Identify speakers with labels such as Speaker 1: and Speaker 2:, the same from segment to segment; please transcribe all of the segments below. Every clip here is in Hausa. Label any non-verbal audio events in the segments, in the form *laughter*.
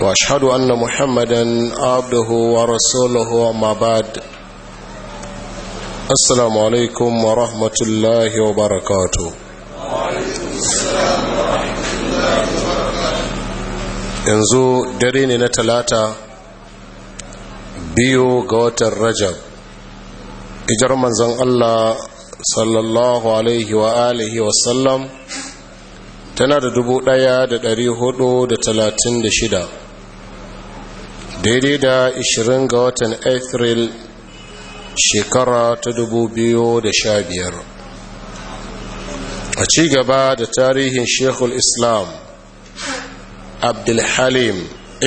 Speaker 1: واشهد ان محمدا عبده ورسوله اما بعد السلام عليكم ورحمه الله وبركاته yanzu dare ne na talata biyu ga watan rajab ijar manzon allah sallallahu alaihi wa alihi wasallam tana da dubu daya da dari hudu da talatin da shida daidai da 20 ga watan april shekara ta 2015 a ci gaba da tarihin shekul islam abdulhalim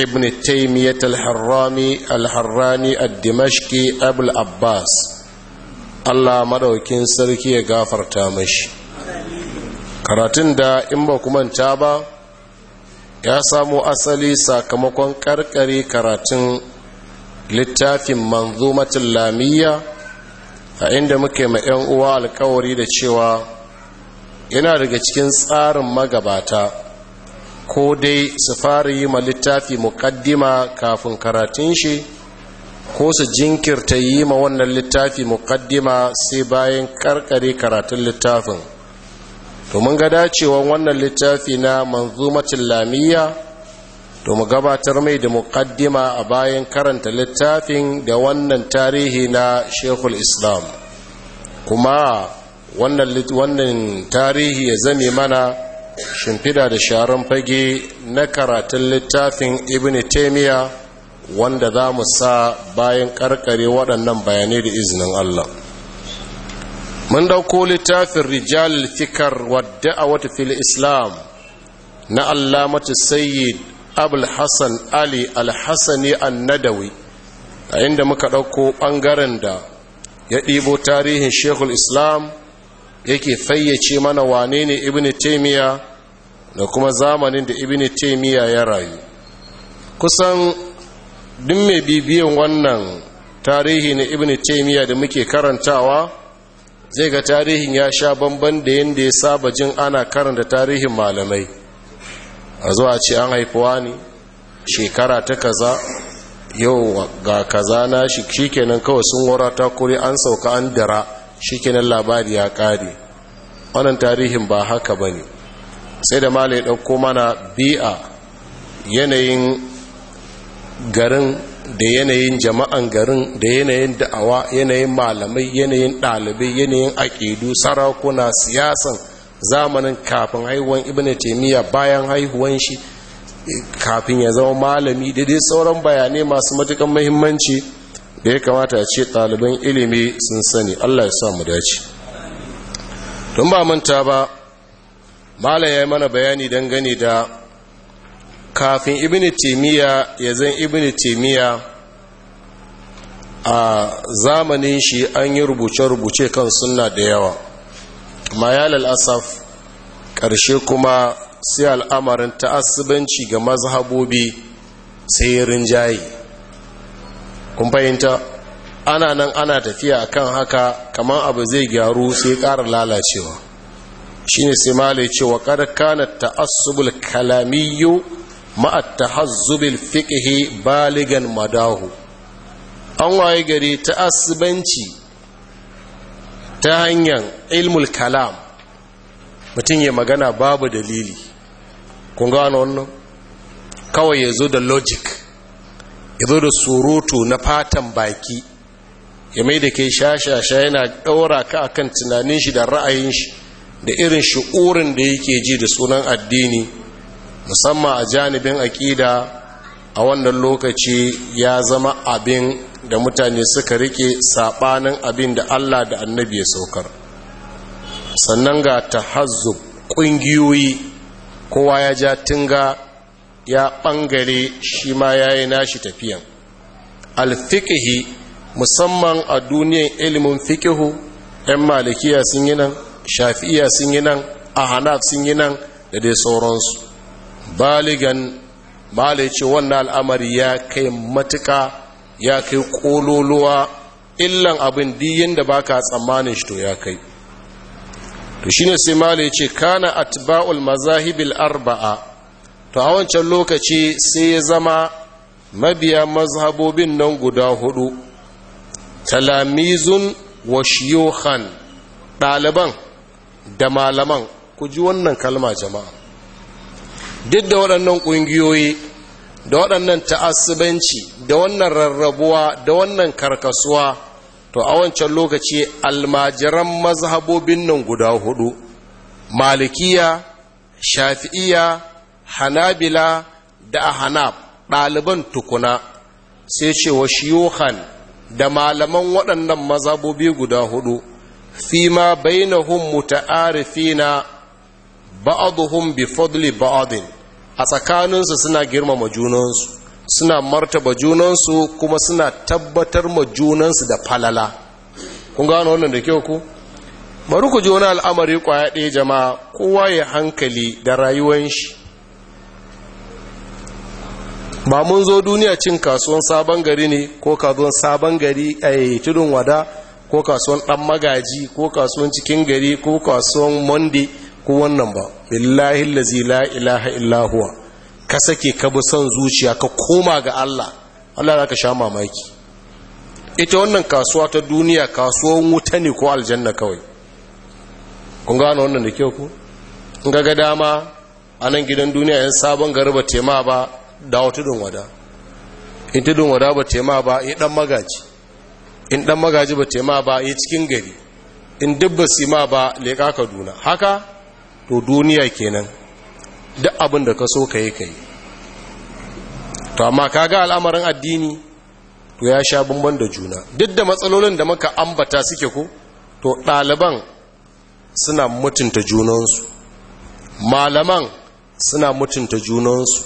Speaker 1: ibn taimiyyat al-harrami al-harrani al-dimashki abul abbas allah maɗaukin sarki ya gafarta mashi karatun da in ba ta ba ya samo asali sakamakon karkare karatun littafin manzumatin lamiyya a inda muke ma 'yan uwa alkawari da cewa yana daga cikin tsarin magabata ko dai su fara yi ma littafi muƙaddima kafin karatun shi ko su jinkirta yi ma wannan littafi muƙaddima sai bayan karkare karatun littafin to mun ga dacewar wannan littafi na manzumatin lamiya to mu gabatar mai da muqaddima a bayan karanta littafin da wannan tarihi na shekul islam kuma wannan tarihi ya zame mana shimfida da sharan fage na karatun littafin ibn wanda za mu sa bayan karkare waɗannan bayanai da izinin allah mun ɗauko littafin rijal fikar wadda wata fil islam na allamatu sayyid abul ali alhassani annadawi a inda muka ɗauko bangaren da ya ɗibo tarihin shekul islam yake fayyace mana wane ne ibn taimiya da kuma zamanin da ibn taimiya ya rayu kusan duk mai bibiyan wannan tarihi na ibn taimiya da muke karantawa zai ga tarihin ya sha bamban da yadda ya saba jin ana karanta tarihin malamai a zuwa ce an haifuwa ne shekara ta kaza yau ga kaza na shi shikenan kawai sun wara ta kuri an sauka an dara shikenan labari ya kare wannan tarihin ba haka ba ne sai da malai ɗauko mana bi'a yanayin garin da yanayin jama'an garin da yanayin da'awa yanayin malamai yanayin ɗalibai yanayin aƙidu sarakuna siyasan zamanin kafin haihuwan ibn taimiyya bayan haihuwan shi kafin ya zama malami da dai sauran bayanai masu matukan mahimmanci da ya kamata ce ɗaliban ilimi sun sani allah ya sa mu dace tun ba manta ba malam ya yi mana bayani dangane da kafin ibn taimiyya ya zan ibn taimiyya a zamanin shi an yi rubuce-rubuce kan sunna da yawa ya al'asaf ƙarshe kuma sai al'amarin ta'asibanci ga mazhabobi sai rinjaye kun fahimta ana nan ana tafiya akan haka kamar abu zai gyaru sai ƙara lalacewa shine sai malai cewa ƙarƙanar kana ta'assubul yau. ma'a tahazzubil fiqhi baligan madahu an waye gari ta asibanci ta hanyar ilmul kalam mutum ya magana babu dalili kun gano wannan kawai ya zo da logic ya zo da surutu na fatan baki ya mai da ke shashasha yana ɗaura ka akan tunanin shi da ra'ayin shi da irin shi'urin da yake ji da sunan addini musamman a janibin aƙida a wannan lokaci ya zama abin da mutane suka rike saɓanin abin da allah da annabi ya saukar sannan ga tahazzub ƙungiyoyi kowa ya ja tinga ya ɓangare shi ma ya yi nashi tafiyan alfikihi musamman a duniyar ilimin fikihu 'yan malikiya sun yi nan shafi'iya sun yi nan a hanaf sun yi nan da dai sauransu baligan mala wannan al'amari ya kai matuka ya kai kololuwa illan abin diyin da baka tsammanin shi to ya kai to shine sai mala ce kana atba'ul mazahibil arba'a to a wancan lokaci sai ya zama mabiya mazhabobin nan guda hudu talamizun wa shiyohan ɗaliban da malaman ku ji wannan kalma jama'a duk da waɗannan ƙungiyoyi da waɗannan ta'asibanci da wannan rarrabuwa da wannan karkasuwa to a wancan lokaci almajiran mazhabobin nan guda hudu malikiya shafi'iya hanabila da hanab ɗaliban tukuna sai ce wa da malaman waɗannan mazhabobi guda hudu fima bainahum muta'arifina ba'aduhum bi fadli ba'adin a tsakaninsu suna girmama junansu suna martaba junansu kuma suna tabbatar ma junansu da falala kun gano wannan da kyau ku bari ku jona wani al'amari kwaya ɗaya jama'a kowa ya hankali da rayuwan shi ba mun zo duniya cin kasuwan sabon gari ne ko kasuwan sabon gari a eh, tudun wada ko kasuwan ɗan magaji ko kasuwan cikin gari ko kasuwan monday ko wannan ba billahi allazi la ilaha illa huwa ka sake ka bi son zuciya ka koma ga Allah Allah zaka sha mamaki ita wannan kasuwa ta duniya kasuwan wuta ne ko aljanna kawai kun gano wannan da kyau ku in ga dama a nan gidan duniya yan sabon gari ba tema ba da wata don wada in ta don wada ba tema ba ya dan magaji in dan magaji ba tema ba ya cikin gari in dubba sima ba leƙa kaduna haka to duniya kenan duk abin da ka so ka yi ka yi to amma ka ga al'amarin addini to ya sha bamban da juna duk da matsalolin da muka ambata suke ko to ɗaliban suna mutunta junansu malaman suna mutunta junansu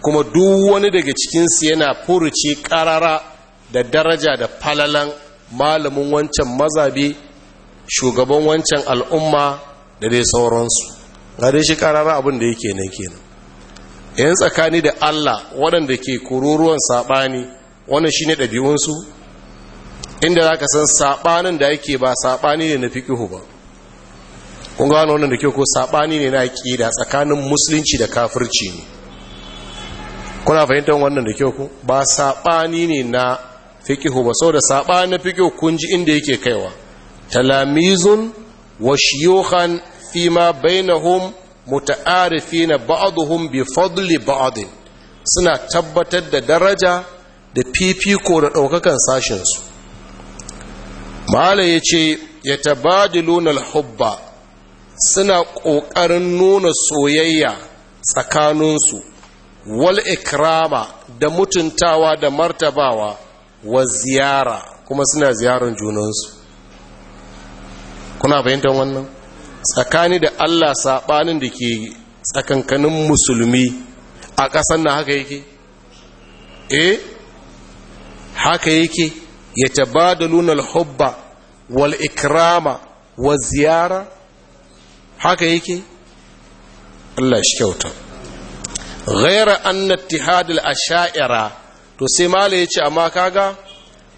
Speaker 1: kuma duk wani daga cikinsu yana furuci ƙarara da daraja da falalan malamin wancan mazabe shugaban wancan al'umma da dai sauransu gare shi karara abin da yake nan kenan yan tsakani da Allah waɗanda ke kururuwan saɓani wannan ne ɗabi'unsu inda za ka san saɓanin da yake ba saɓani ne na fiqhu ba kun gano wannan da ke ko saɓani ne na ƙida tsakanin musulunci da kafirci ne kuna fahimtar wannan da ke ko ba saɓani ne na fiƙihu ba sau da saɓani na fi kun ji inda yake kaiwa talamizun wa yohan. fima bainahum muta'arifina ba'dhum bi fadli ba'd suna tabbatar da daraja da fifiko da ɗaukakan sashensu mala ya ce ya tabadiluna hubba suna ƙoƙarin nuna soyayya tsakaninsu wal ikrama da mutuntawa da martabawa wa ziyara kuma suna ziyarar junansu kuna fahimtar wannan tsakani da Allah saɓanin da ke tsakankanin musulmi a ƙasan na haka yake eh haka yake ya da lunar hubba wal ikrama wa ziyara haka yake Allah shi kyauta ghaira anna ittihad a ashaira to sai mala yace amma kaga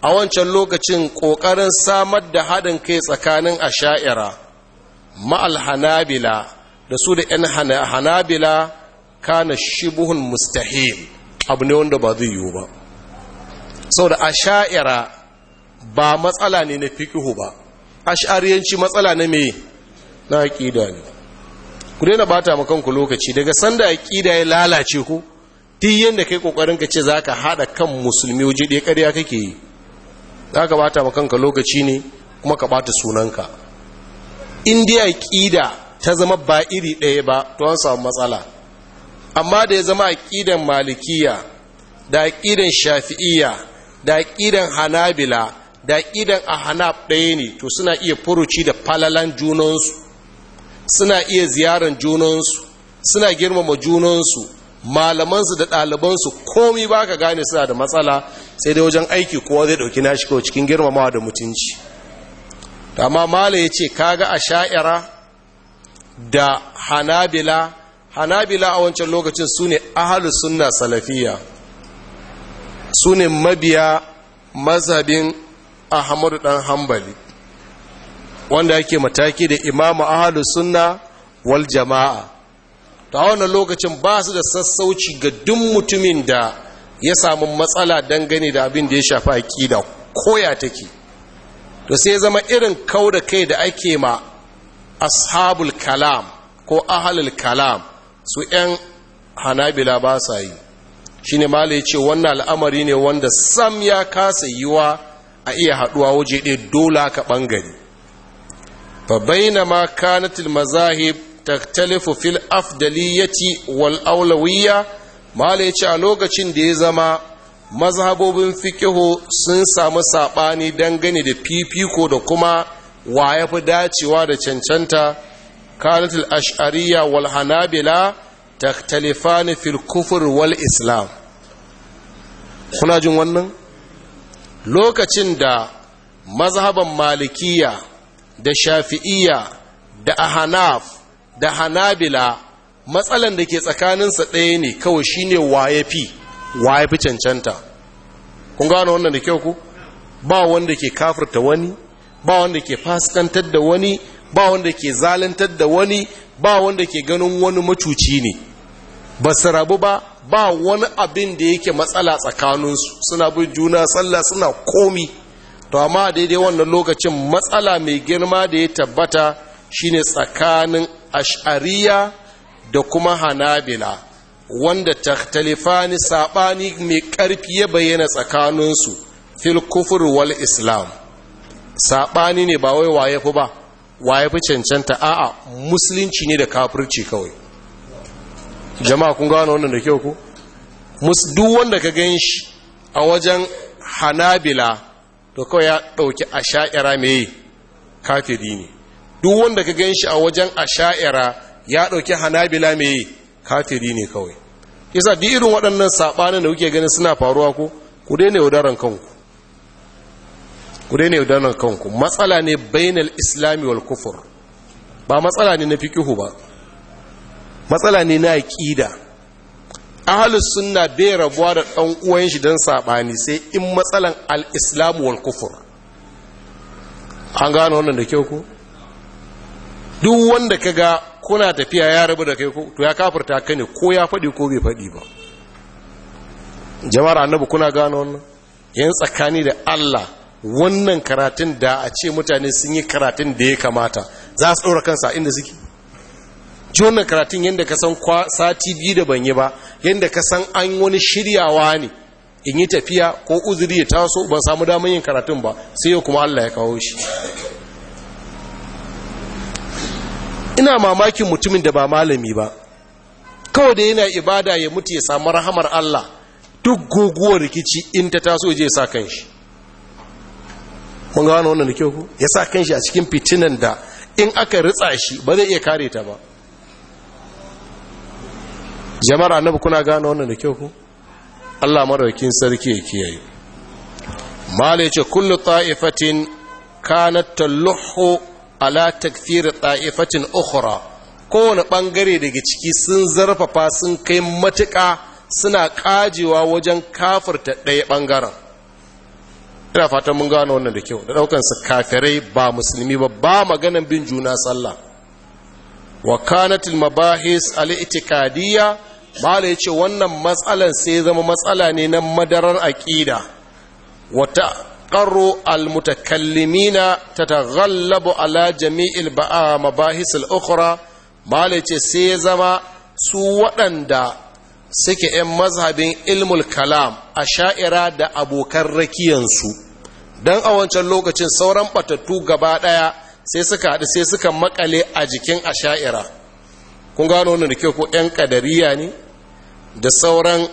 Speaker 1: a wancan lokacin ƙoƙarin samar da haɗin kai tsakanin a asha'ira ma'al hanabila da su da 'yan hanabila kana shibuhun mustahil abu ne wanda ba zai yiwu ba sau da asha'ira ba matsala ne na fikihu ba ash'ariyanci matsala na mai na aƙida ne ku daina bata makonku lokaci daga sanda aƙida ya lalace ku duk yadda kai ƙoƙarin ka ce za ka haɗa kan musulmi waje ɗaya ƙarya kake yi za ka bata makonka lokaci ne kuma ka bata sunanka indiya ƙida ta zama ba iri ɗaya ba to an samu matsala amma da ya zama aƙidan malikiya da ƙidan shafi'iyya da ƙidan hanabila da ƙidan ahnaf ɗaya ne to suna iya furuci da falalan junansu suna iya ziyaran junansu suna girmama junansu malamansu da ɗalibansu komi ba ka gane suna da matsala sai dai wajen aiki kowa zai ɗauki nashi kawai cikin girmamawa da mutunci amma mala ya ce kaga a sha'ira da hanabila hanabila a wancan lokacin su ne ahalu sunna salafiya su ne mabiya mazhabin ahmadu dan hambali wanda yake mataki da imamu ahalu sunna wal jama'a ta wannan lokacin ba su da sassauci ga duk mutumin da ya samu matsala dangane da abin da ya shafi aƙida koya take to sai zama irin kauda kai da ake ma ashabul kalam ko ahalul kalam su 'yan hanabila ba sa yi shi ne mala ce wannan al'amari ne wanda sam ya kasa yiwa a iya haɗuwa waje ɗaya dola ka ɓangare fa baina ma kanatil mazahib taktalifu fil afdaliyati wal aulawiyya mala ce a lokacin da ya zama mazhabobin fikihu sun samu saɓani dangane da fifiko da kuma wa ya fi dacewa da cancanta kanatul ash'ariya wal hanabila taktalifani fil kufur wal islam kuna jin wannan lokacin da mazhaban malikiya da shafi'iya da ahanaf da hanabila matsalan da ke tsakaninsa ɗaya ne kawai shine waye fi wa ya fi cancanta kun gano wannan da kyau ku ba wanda ke kafirta wani ba wanda ke fasikantar da wani ba wanda ke zalantar da wani ba wanda ke ganin wani macuci ne ba su rabu ba ba wani abin da yake matsala tsakaninsu suna bin juna sallah suna komi to amma daidai wannan lokacin matsala mai girma da ya tabbata shine tsakanin ash'ariya da kuma hanabila wanda ni saɓani mai ƙarfi ya bayyana tsakaninsu fil kufur wal islam saɓani ne ba wai waye fi ba waye fi cancanta a'a musulunci ne da kafirci kawai jama'a kun gano wannan da kyau ku duk wanda ka gan shi a wajen hanabila to kawai ya ɗauki a sha'ira mai kafiri ne duk wanda ka gan shi a wajen a sha'ira ya ɗauki hanabila mai kafiri ne kawai yasa bi irin waɗannan saɓanin da kuke ganin suna faruwa ko ku daina yaudaran kanku ku daina yaudaran kanku matsala ne bainal islami wal kufur ba matsala ne na fikihu ba matsala ne na aƙida ahalus sunna bai rabuwa da ɗan uwan shi don saɓani sai in matsalan al islamu wal kufur an gano wannan da kyau ku? duk wanda ka ga kuna tafiya ya rabu da kai to ya kafirta ka ne ko ya faɗi ko bai faɗi ba jama'ar annabi kuna gano wannan yan tsakani da Allah wannan karatun da a ce mutane sun yi karatun da ya kamata za su ɗora kansa inda suke ji wannan karatun yadda ka san sati biyu da ban yi ba yadda ka san an wani shiryawa ne in yi tafiya ko uzuri ya taso ban samu damar yin karatun ba sai yau kuma Allah ya kawo shi ina mamakin mutumin da ba malami ba kawai da yana ibada ya mutu ya samu rahamar Allah duk guguwar rikici in ta taso je sa kan shi mun gano wannan da ku ya sa kan shi a cikin fitinan da in aka ritsa shi ba zai iya kare ta ba jama'ar annabi kuna gano wannan da kyau ku Allah madaukakin sarki ya kiyaye mala yace kullu ta'ifatin kanat taluhu ala takfir ta'ifatin ukhra kowane bangare daga ciki sun zarfafa sun kai matuƙa suna ƙajewa wajen kafirta ɗaya ɓangaren ina fatan mun gano wannan da kyau da su kafirai ba musulmi ba ba maganan bin juna sallah wa kanatil mabahis al-i'tiqadiyya mala yace wannan matsalan sai zama matsala ne na madarar aqida wata almutakallimina أقر المتكلمين تتغلب على جميع المباحث الأخرى ما zama su waɗanda suke 'yan mazhabin ilmul kalam a sha'ira da abokan rakiyansu don a wancan lokacin sauran batattu gaba ɗaya sai suka haɗu sai suka maƙale a jikin a sha'ira kun gano wani da ko 'yan ƙadariya ne da sauran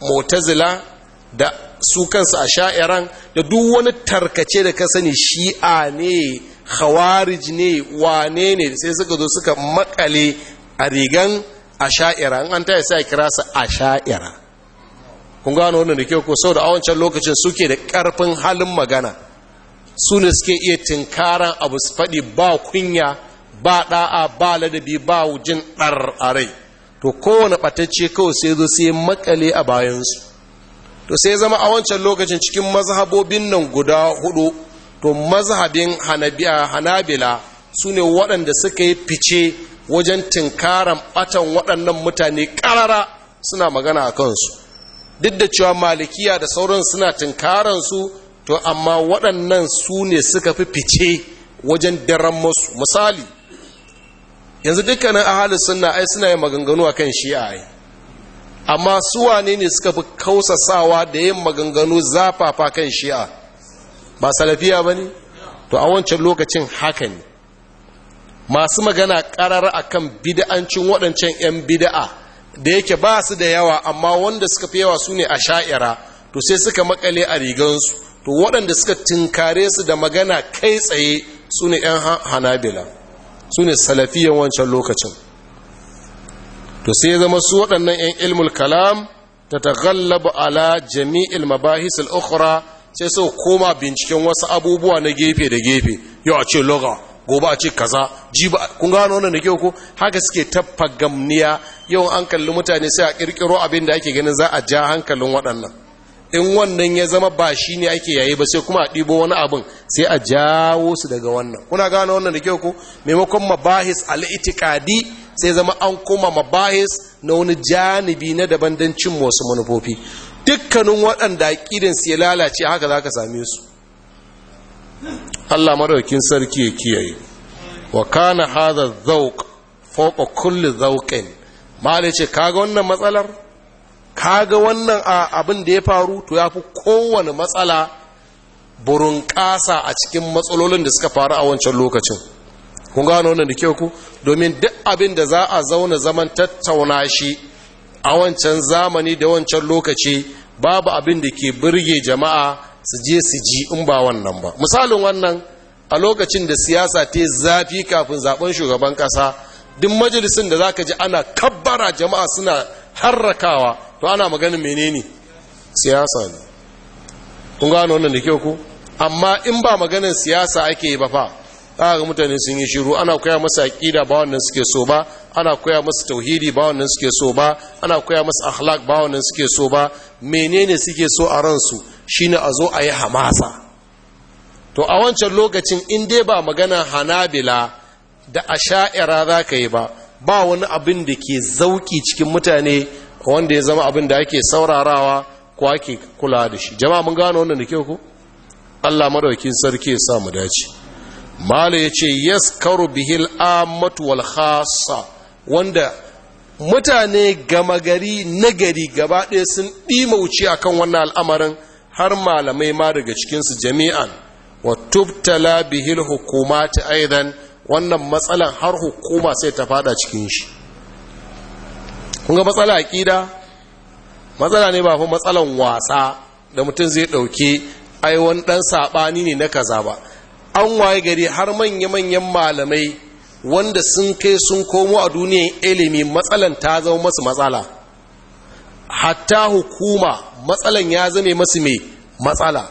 Speaker 1: motazila da su kansu a sha'iran da duk wani tarkace da ka sani shi'a ne khawarij ne wane ne sai suka zo suka makale a rigan a sha'ira an ta sai kira su a sha'ira kun gano wannan da kyau ko sau da a wancan lokacin suke da ƙarfin halin magana su ne suke iya tinkaran abu su faɗi ba kunya ba ɗa'a ba ladabi ba jin ɗar a rai to kowane ɓatacce kawai sai zo sai makale a bayansu to sai zama a wancan lokacin cikin mazhabobin nan guda hudu to mazhabin Hanabiya, hanabila su ne waɗanda suka yi fice wajen tinkaran ɓatan waɗannan mutane ƙarara suna magana a kansu duk da cewa malikiya da sauran suna tinkaran su to amma waɗannan su ne suka fi fice wajen daren masu misali yanzu dukkanin ahali sunna ai suna yin maganganu akan shi'a ai amma su wane ne suka fi kausasawa da yin maganganu zafafa kan shi'a ba salafiya ba ne to a wancan lokacin haka ne masu magana karar kan bida'ancin waɗancan 'yan bida'a da yake ba su da yawa amma wanda suka fi yawa su ne a sha'ira to sai suka makale a rigansu to waɗanda suka tinkare su da magana kai tsaye su ne 'yan hanabila su ne salafiyan wancan lokacin to sai ya zama su waɗannan 'yan ilmul kalam ta taghallabu ala jami'il mabahis al’ukura sai su koma binciken wasu abubuwa na gefe da gefe yau a ce loga gobe a ce kaza ji ba kun gano wannan da kyau ko haka suke taffa gamniya yau an kalli mutane sai a kirkiro abin da ake ganin za a ja hankalin waɗannan in wannan ya zama ba shi ne ake yayi ba sai kuma a ɗibo wani abin sai a jawo su daga wannan kuna gano wannan da kyau ko maimakon mabahis alitikadi sai zama an koma ma bayis na wani janibi na daban don cin wasu manufofi dukkanin waɗanda a su ya lalace haka za ka same su allah maraukin sarki ya kiyaye wa kana hada zauk fauka kulli zauƙin mahala ce kaga wannan matsalar kaga wannan abin da ya faru to ya fi kowane matsala burin ƙasa a cikin matsalolin da suka faru a wancan lokacin kun gano wannan da kyau ku domin duk abin da za a zauna zaman tattauna shi a wancan zamani da wancan lokaci babu abin da ke birge jama'a su je su ji in ba wannan ba misalin wannan a lokacin da siyasa ta yi zafi kafin zaben shugaban kasa duk majalisin da zaka ji ana kabbara jama'a suna harrakawa to ana maganin menene siyasa ne kun gano wannan da kyau ku amma in ba maganin siyasa ake yi ba fa aka ga mutane sun yi shiru ana koya masu aƙida ba wannan suke so ba ana koya masa tauhidi ba wannan suke so ba ana koya masu akhlaq ba wannan suke so ba menene suke so a ransu shine a zo a yi hamasa to a wancan lokacin in dai ba magana hanabila da asha'ira za ka yi ba ba wani abin da ke zauki cikin mutane wanda ya zama abin da ake saurarawa ko ake kula da shi jama'a mun gano wannan da kyau ku Allah madaukin sarki ya sa mu dace mala ya ce karu bihil amatu wal khasa wanda mutane gama gari nagari gaba ɗaya sun wuce a kan wannan al'amarin har malamai ma daga cikinsu jami'an wa tubtala bihil hukuma ta aidan wannan matsalan har hukuma sai ta fada cikin shi kunga matsala aƙida matsala ne ba fi matsalan wasa da mutum zai ɗauke ai wani ɗan saɓani ne na kaza ba an waye gari har manya-manyan malamai wanda sun kai sun komo a duniyan ilimi matsalan ta zama masu matsala hatta hukuma matsalan ya zame masu mai matsala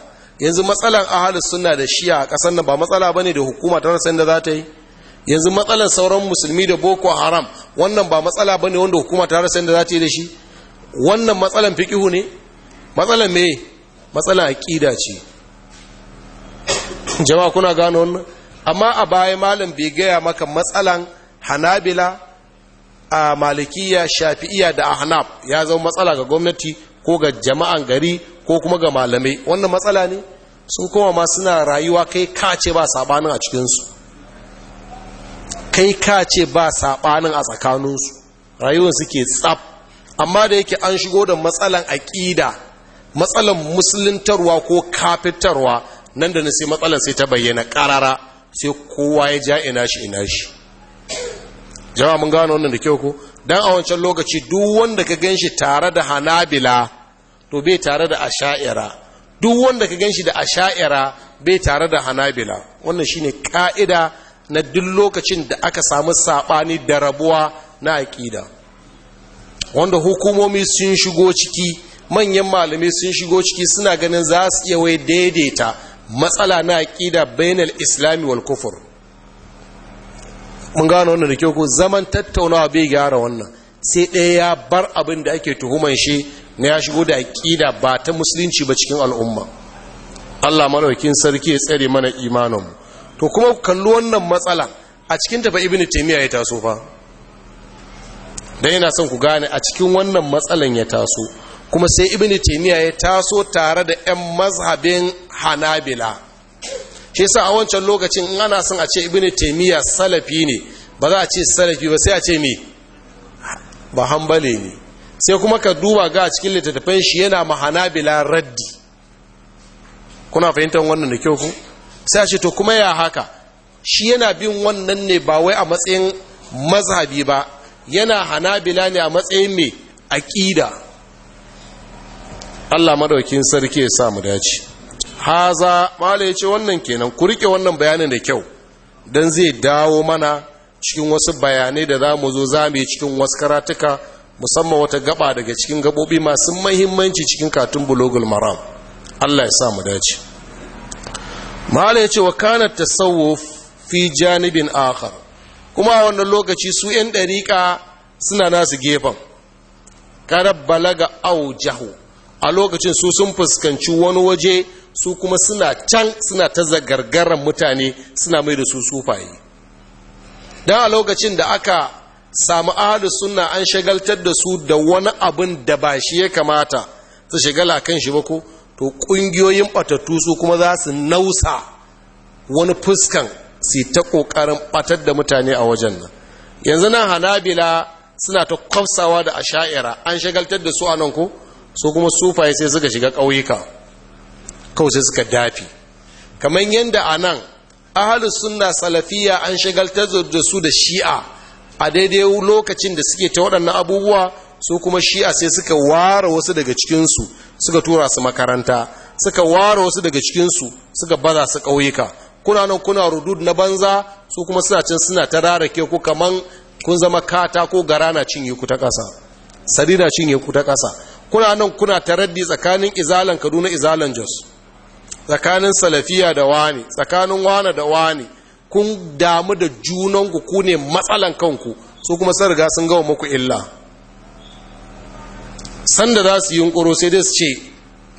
Speaker 1: yanzu matsalan ahalus suna da shiya a ƙasar nan ba matsala bane da hukuma ta rasan da za ta yi yanzu matsalan sauran musulmi da boko haram wannan ba matsala bane wanda hukuma ta rasan da za ta yi da shi wannan matsalan fikihu ne matsalan me matsalan aqida ce *laughs* jama'a kuna gano wannan amma a baya malam bai gaya maka matsalan hanabila a malikiya shafi'iya da ahnab ya zama matsala ga gwamnati ko ga jama'an gari ko kuma ga malamai wannan matsala ne sun koma ma suna rayuwa kai kace ba sabanin a cikinsu kai kace ba sabanin a tsakaninsu rayuwar suke tsaf amma da yake an shigo da matsalan aƙida matsalan musuluntarwa ko kafitarwa nan da na sai matsalan sai ta bayyana karara sai kowa ya ja ina shi ina shi jama'a mun gano wannan da kyau ko dan a wancan lokaci duk wanda ka ganshi tare da hanabila to bai tare da asha'ira duk wanda ka ganshi da asha'ira bai tare da hanabila wannan shine ka'ida na duk lokacin da aka samu sabani da rabuwa na aqida wanda hukumomi sun shigo ciki manyan malamai sun shigo ciki suna ganin za su iya wai daidaita matsala na aƙida bainal islami wal kufur mun gano wannan da kyau ko zaman tattaunawa bai gyara wannan sai ɗaya ya bar abin da ake tuhuman shi na ya shigo da aƙida ba ta musulunci ba cikin al'umma Allah malaukin sarki ya tsare mana imanin to kuma kallo wannan matsala a cikin tafa ibnu taymiya ya taso fa dan yana son ku gane a cikin wannan matsalan ya taso kuma sai ibnu taymiya ya taso tare da 'yan mazhabin hanabila shi sa a wancan lokacin in ana son a ce ibn taimiyya salafi ne ba za a ce salafi ba sai a ce me ba hambale ne sai kuma ka duba ga cikin littattafan shi yana ma hanabila raddi kuna fahimtar wannan da kyau ku sai a ce to kuma ya haka shi yana bin wannan ne ba wai a matsayin mazhabi ba yana hanabila ne a matsayin mai aƙida Allah madaukin sarki ya samu dace haza mala ya ce wannan kenan ku rike wannan bayanin da kyau don zai dawo mana cikin wasu bayanai da za mu zo za mu yi cikin wasu karatuka musamman wata gaba daga cikin gabobi masu mahimmanci cikin katun bulogul maram allah ya sa mu dace mala ya ce wa kana tasawo fi janibin akhar kuma a wannan lokaci su 'yan ɗariƙa suna nasu gefen kada balaga au jahu, a lokacin su sun fuskanci wani waje su kuma suna can suna ta zagargaran mutane suna mai da su sufaye don a lokacin da aka samu ahalu suna an shagaltar da su da wani abin da ba shi ya kamata su shigala kan shi ba ko to ƙungiyoyin ɓatattu su kuma za su nausa wani fuskan su ta ƙoƙarin ɓatar da mutane a wajen nan yanzu nan hanabila suna ta kwafsawa da asha'ira an shagaltar da su a nan ko su kuma sufaye sai suka shiga ƙauyuka kawai sai suka dafi kamar yadda a nan ahalus suna salafiya an shagaltar da su da shi'a a daidai lokacin da suke ta waɗannan abubuwa su kuma shi'a sai suka ware wasu daga cikinsu suka tura su makaranta suka ware wasu daga cikinsu suka baza su ƙauyuka kuna nan kuna rudud na banza su kuma suna can suna ta rarake ku kaman kun zama kata ko gara na cinye ku ta ƙasa sarira cinye ku ta ƙasa kuna nan kuna taraddi tsakanin izalan kaduna izalan jos tsakanin salafiya da wani tsakanin wani da wani kun damu da junanku ku ne matsalan kanku su kuma sun riga sun gawa muku illa sanda za su yi yunkuro sai dai su ce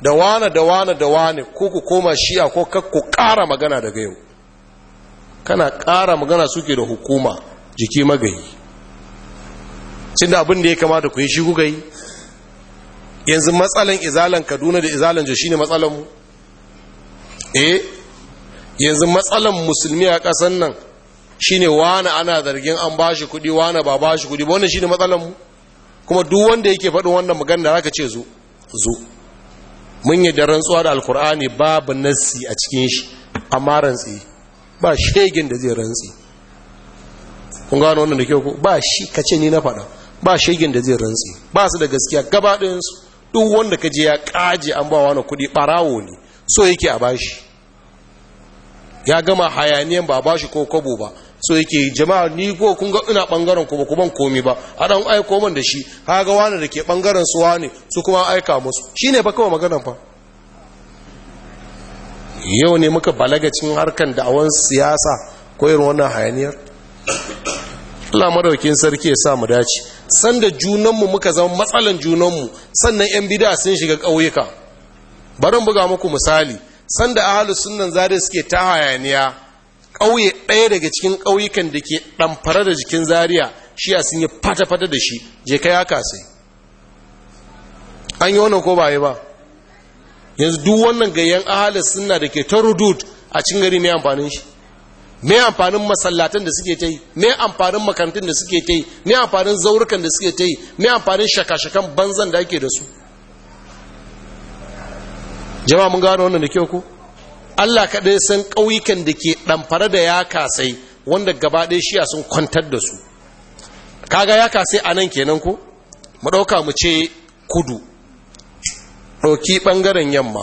Speaker 1: da wane da wane da wane ko ku koma shi'a ko ku ƙara magana daga yau kana ƙara magana suke da hukuma jiki magayi cin da abin da ya kamata ku yi shi ku yanzu matsalan izalan kaduna da izalan jashi ne matsalan mu. eh yanzu matsalan musulmi a ƙasan nan shine wani ana zargin an ba shi kuɗi wani ba ba shi kuɗi ba wannan shine matsalan mu kuma duk wanda yake faɗin wannan magana da zaka ce zo zo mun yi da rantsuwa da alkur'ani babu nassi a cikin shi amma rantsi ba shegin da zai rantsi kun gano wannan da kyau ko ba shi kace ni na faɗa ba shegin da zai rantsi ba su da gaskiya gaba su, duk wanda ka je ya kaje an ba wani kuɗi ɓarawo ne so yake a bashi ya gama hayaniyan ba bashi ko kwabo ba so yake jama'a ni ko kun ga ina bangaren ku ba ku ban komi ba a dan aiko man da shi ga wani da ke bangaren su wani su kuma aika musu shine fa kawai maganar fa yau ne muka balaga cikin harkan awan siyasa ko irin wannan hayaniyar Allah madaukin sarki ya sa mu dace sanda junanmu muka zama matsalan junan mu sannan yan bid'a sun shiga kauyuka barin buga muku misali sanda ahalu sunnan zariya suke ta hayaniya ƙauye ɗaya daga cikin ƙauyukan da ke ɗamfara da jikin zariya shi a sun yi fata-fata da shi je kai haka sai an yi wannan ko ba yi ba yanzu duk wannan gayyan ahalu sunna da ke ta rudud a cikin gari mai amfanin shi mai amfanin masallatan da suke ta yi mai amfanin makarantun da suke ta yi mai amfanin zaurukan da suke ta yi mai amfanin shaka-shakan shakashakan banzan da ake da su jama'a mun gano wannan da kyau ku Allah kaɗai san ƙauyukan da ke ɗamfare da ya kasai wanda gaba ɗaya shiya sun kwantar da su kaga ya kasai a nan kenan ku mu ɗauka mu ce kudu ɗauki ɓangaren yamma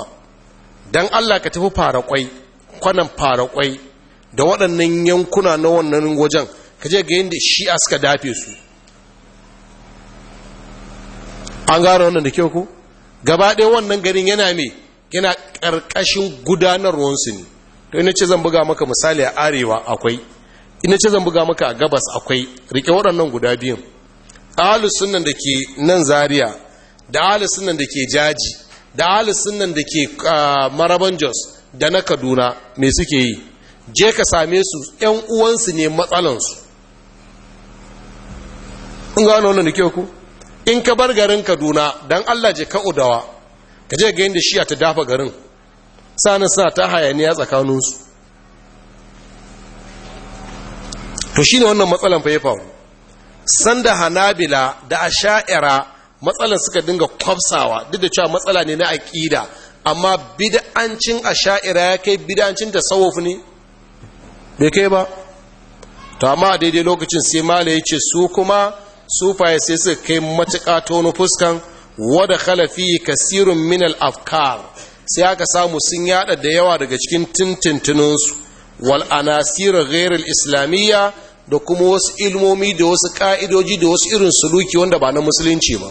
Speaker 1: don Allah ka tafi farakwai kwanan farakwai da waɗannan yankuna na wannan wajen ka je ga yadda shi'a suka dafe su an gano wannan da kyau ku gaba ɗaya wannan garin yana mai yana ƙarƙashin gudanarwansu ne to ina ce zan buga maka misali a arewa akwai ina ce zan buga maka a gabas akwai rike waɗannan guda biyun ahalus sunan da ke nan zaria da ahalus sunan da ke jaji da ahalus sunan da ke ah, maraban jos da na kaduna me suke yi je ka same su yan uwansu ne matsalansu in gano wani da ku in ka bar garin kaduna don allah je ka udawa ka je ga shi shiya ta dafa garin sanin suna ta hayaniya tsakaninsu to shi ne wannan matsalan fa faru sanda hanabila da asha'ira matsalan suka dinga kwafsawa duk da cewa matsala ne na aƙida amma bid'ancin asha'ira ya kai bid'ancin tasawuf ne bai kai ba to amma daidai lokacin sai mala ya ce su kuma sufaye sai suka kai matuƙa tono fuskan wada khalafi kasirun min al-afkar sai aka samu sun yada da yawa daga cikin tintintininsu wal anasir ghair islamiyya da kuma wasu ilmomi da wasu ka'idoji da wasu irin suluki wanda ba na musulunci ba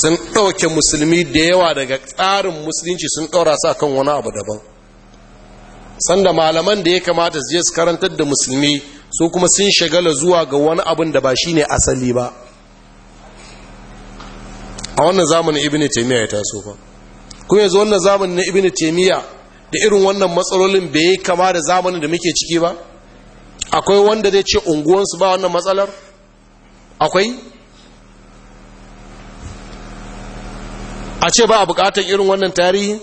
Speaker 1: sun ɗauke musulmi da yawa daga tsarin musulunci sun ɗaura sa kan wani abu daban sanda malaman da ya kamata su je su karantar da musulmi su kuma sun shagala zuwa ga wani abin da ba shine asali ba a wannan zamanin ibn taymiya ya taso fa kuma yanzu wannan zamanin na ibn taymiya da irin wannan matsalolin bai kama da zamanin da muke ciki ba akwai wanda zai ce unguwansu ba wannan matsalar akwai a ce ba a bukatar irin wannan tarihi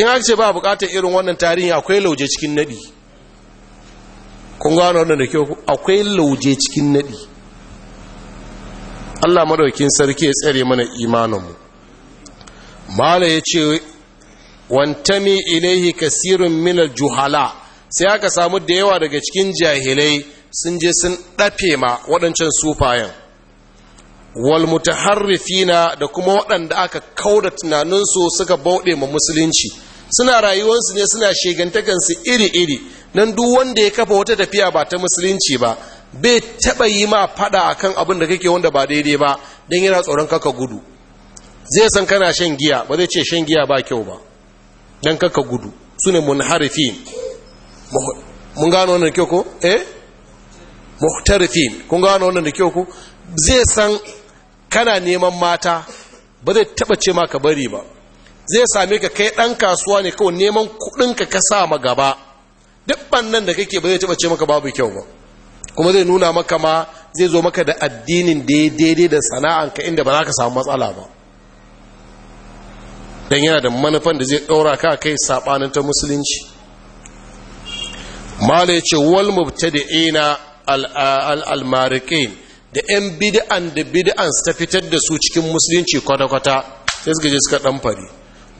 Speaker 1: in aka ce ba a bukatar irin wannan tarihi akwai lauje cikin nadi kun gano wannan da kyau akwai lauje cikin nadi Allah madaukin sarki ya tsare mana imaninmu mala ya ce wantami ilaihi kasirun minal juhala sai aka samu da yawa daga cikin jahilai sun je sun ɗafe ma waɗancan sufayen wal mutaharrifina da kuma waɗanda aka kauda tunaninsu suka bauɗe ma musulunci suna rayuwarsu ne suna shegantakansu iri-iri nan duk wanda ya kafa wata tafiya ba ta musulunci ba bai taɓa yi ma faɗa a kan abin da kake wanda ba daidai ba don yana tsoron kaka gudu zai san kana shan giya ba zai ce shan giya ba kyau ba don kaka gudu su ne munharifin mun gano wannan kyau ko eh muhtarifin kun gano wannan da kyau ko zai san kana neman mata ba zai taɓa ce ma ka bari ba zai same ka kai ɗan kasuwa ne kawai neman kuɗinka ka sa ma gaba duk bannan da kake ba zai taɓa ce maka babu kyau ba kuma zai nuna maka ma zai zo maka da addinin da ya daidai da sana'anka inda ba za ka samu matsala ba don yana da manufan da zai ɗaura ka kai saɓanin ta musulunci mala ya ce wal da al al'almarikin da 'yan bid'an da bid'an su ta fitar da su cikin musulunci kwata-kwata sai suka je suka ɗan fari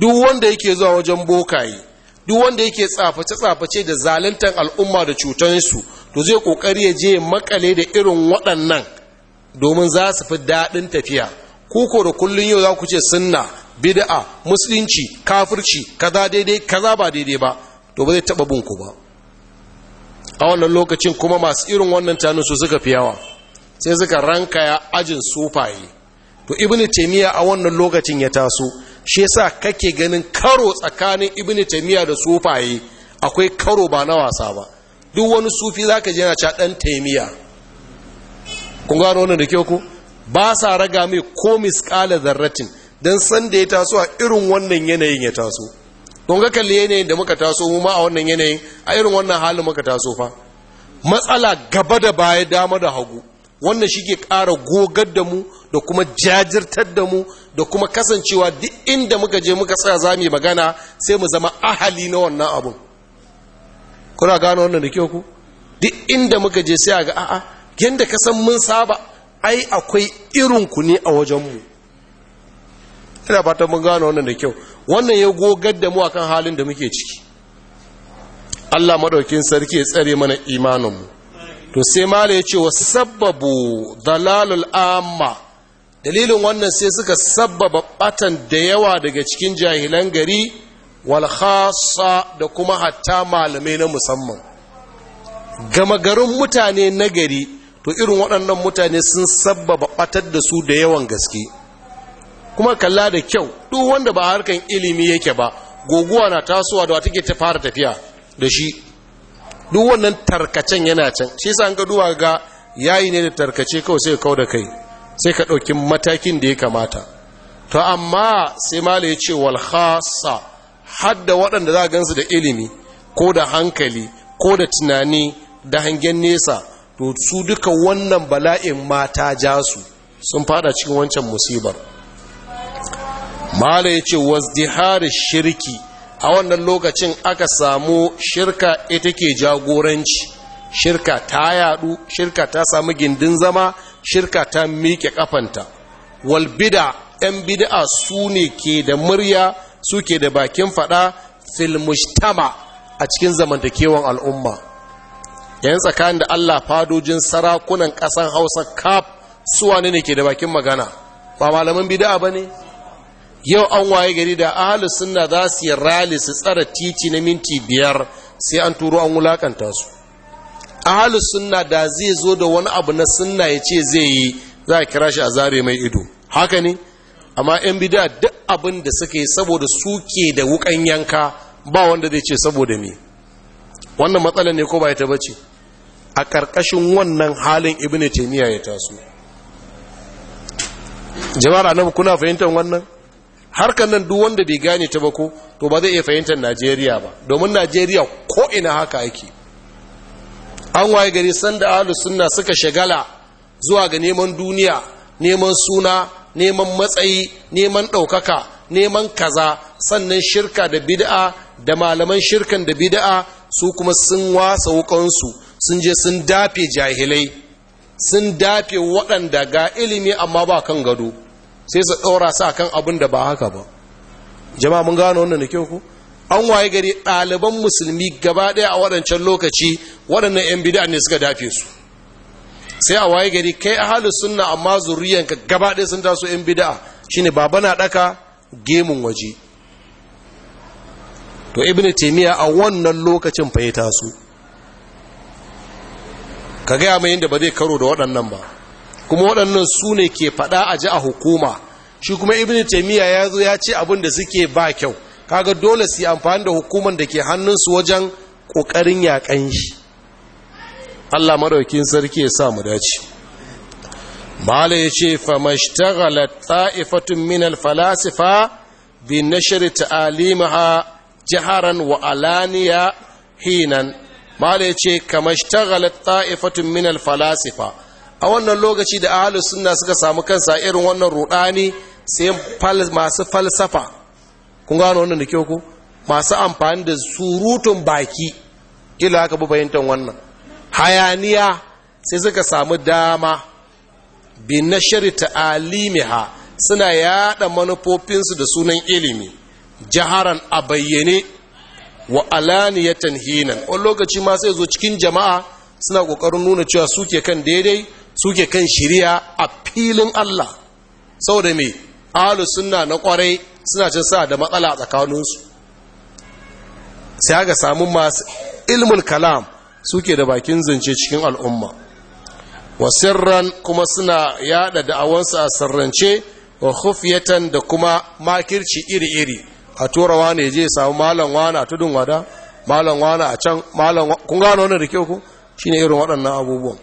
Speaker 1: duk wanda yake zuwa wajen bokaye duk wanda yake tsaface-tsaface da zaluntar al'umma da cutar su, to zai kokari ya je makale da irin waɗannan domin za su fi daɗin tafiya kuko da kullum yau za ku ce sunna bida'a, musulunci kafirci kaza daidai kaza ba daidai ba to ba zai taɓa bin ku ba a wannan lokacin kuma masu irin wannan tanin su suka fi yawa sai suka ranka ya ajin sufaye to ibnu taymiya a wannan lokacin ya taso shi sa kake ganin karo tsakanin ibn taymiya da sufaye akwai karo ba na wasa ba duk wani sufi za zaka ji yana caɗan dan taymiya kun gano wannan da kyau ku ba sa raga mai ko misqala zarratin don san da ya taso a irin wannan yanayin ya taso Don ga kalli yanayin da muka taso mu ma a wannan yanayin a irin wannan halin muka taso fa matsala gaba da baya dama da hagu wannan shi ke ƙara gogar da mu da kuma jajirtar da mu da kuma kasancewa duk inda muka je muka tsaya za mu magana sai mu zama ahali na wannan abun kuna gano wannan da kyau ku duk inda muka je sai a ga a'a yadda ka mun saba ai akwai irin ku ne a wajenmu ina fatan mun gano wannan da kyau wannan ya gogar da mu akan halin da muke ciki Allah madaukin sarki ya tsare mana imaninmu to sai mala ya ce wa sababu dalalul amma dalilin wannan sai suka sabbaba batan da yawa daga cikin jahilan gari walhasa da kuma hatta malamai na musamman gama garin mutane na gari to irin waɗannan mutane sun sabbaba batar da su da yawan gaske kuma kalla da kyau duk wanda ba harkan ilimi yake ba goguwa na tasowa da take ta fara tafiya da shi duk wannan tarkacen yana can shi sa an ga duwa ga yayi ne da tarkace kawai sai kawo da kai sai ka ɗauki matakin da ya kamata to amma sai mala ya ce wal hadda waɗanda za gansu da ilimi ko da hankali ko da tunani da hangen nesa to su duka wannan bala'in mata ja su sun fada cikin wancan musibar mala ya ce wazdihar shirki a wannan lokacin aka samu shirka ita ke jagoranci shirka ta yadu shirka ta samu gindin zama shirka ta miƙe ƙafanta. Walbida bid'a yan bid'a su ne ke da murya su ke da bakin fada filmustama a cikin zamantakewan al'umma yan tsakanin da Allah fadojin sarakunan ƙasan Hausa kaf su wane ne ke da bakin magana ba malamin bid'a ba ne. yau an waye gari da ahlus suna za su yi rali su tsara titi na minti biyar sai an turo an wulaƙanta su ahalu sunna da zai zo da wani abu na sunna ya ce zai yi za a kira shi a zare mai ido haka ne amma yan bida duk abin da suka yi saboda suke da wukan yanka ba wanda zai ce saboda me wannan matsalar ne ko ba ta bace a ƙarƙashin wannan halin ibnu taymiya ya taso jama'ar annabi kuna fahimtar wannan harkar nan duk wanda bai gane ta ba ko to ba zai iya fahimtar Najeriya ba domin Najeriya ko ina haka ake an waye gari sanda ahlus sunna suka shagala zuwa ga neman duniya neman suna neman matsayi neman ɗaukaka neman kaza sannan shirka da bid'a da malaman shirkan da bid'a su kuma sun wasa wukansu sun je sun dafe jahilai sun dafe waɗanda ga ilimi amma ba kan gado sai su ɗora sa kan abin da ba haka ba jama'a mun gano wannan da kyau ku an waye gari ɗaliban musulmi gaba ɗaya a waɗancan lokaci waɗannan 'yan bida ne suka dafe su sai a waye gari kai a halin sunna amma zuriyanka gaba ɗaya sun taso 'yan bida shine baba na ɗaka gemun waje to ibn taimiya a wannan lokacin fa ya taso ka gaya mai yadda ba zai karo da waɗannan ba kuma waɗannan su ne ke faɗa a ji a hukuma shi kuma ibn taimiya ya zo ya ce abin da suke ba kyau kaga dole su yi amfani da hukumar da ke hannunsu wajen ƙoƙarin yaƙan shi allah maraukin sarki ya sa mu dace mala ya ce famashtaghala ta'ifatun min al-falasifa bi nashr ta'alimaha jaharan wa alaniya hinan mala ya ce kamashtaghala ta'ifatun min al-falasifa a wannan lokaci da ahlus sunna suka samu kansa irin wannan rudani sai masu falsafa kun gano wannan da kyau ko masu amfani da surutun baki kila aka bi fahimtar wannan hayaniya sai suka samu dama bi sharita alimiha suna yada manufofinsu da sunan ilimi jaharan a bayyane wa alaniyatan hinan wani lokaci ma sai zo cikin jama'a suna kokarin nuna cewa suke kan daidai suke kan shiriya a filin Allah saboda me ahlus sunna na kwarai suna cin sa da matsala a tsakaninsu sai ga samun masu ilmul kalam suke da bakin zance cikin al'umma wasirran kuma suna yada da'awansu a sirrance wa khufyatan da kuma makirci iri-iri a tura wani je samu malam wani a tudun wada malam wani a can kun gano wani da kyau ku ne irin waɗannan abubuwan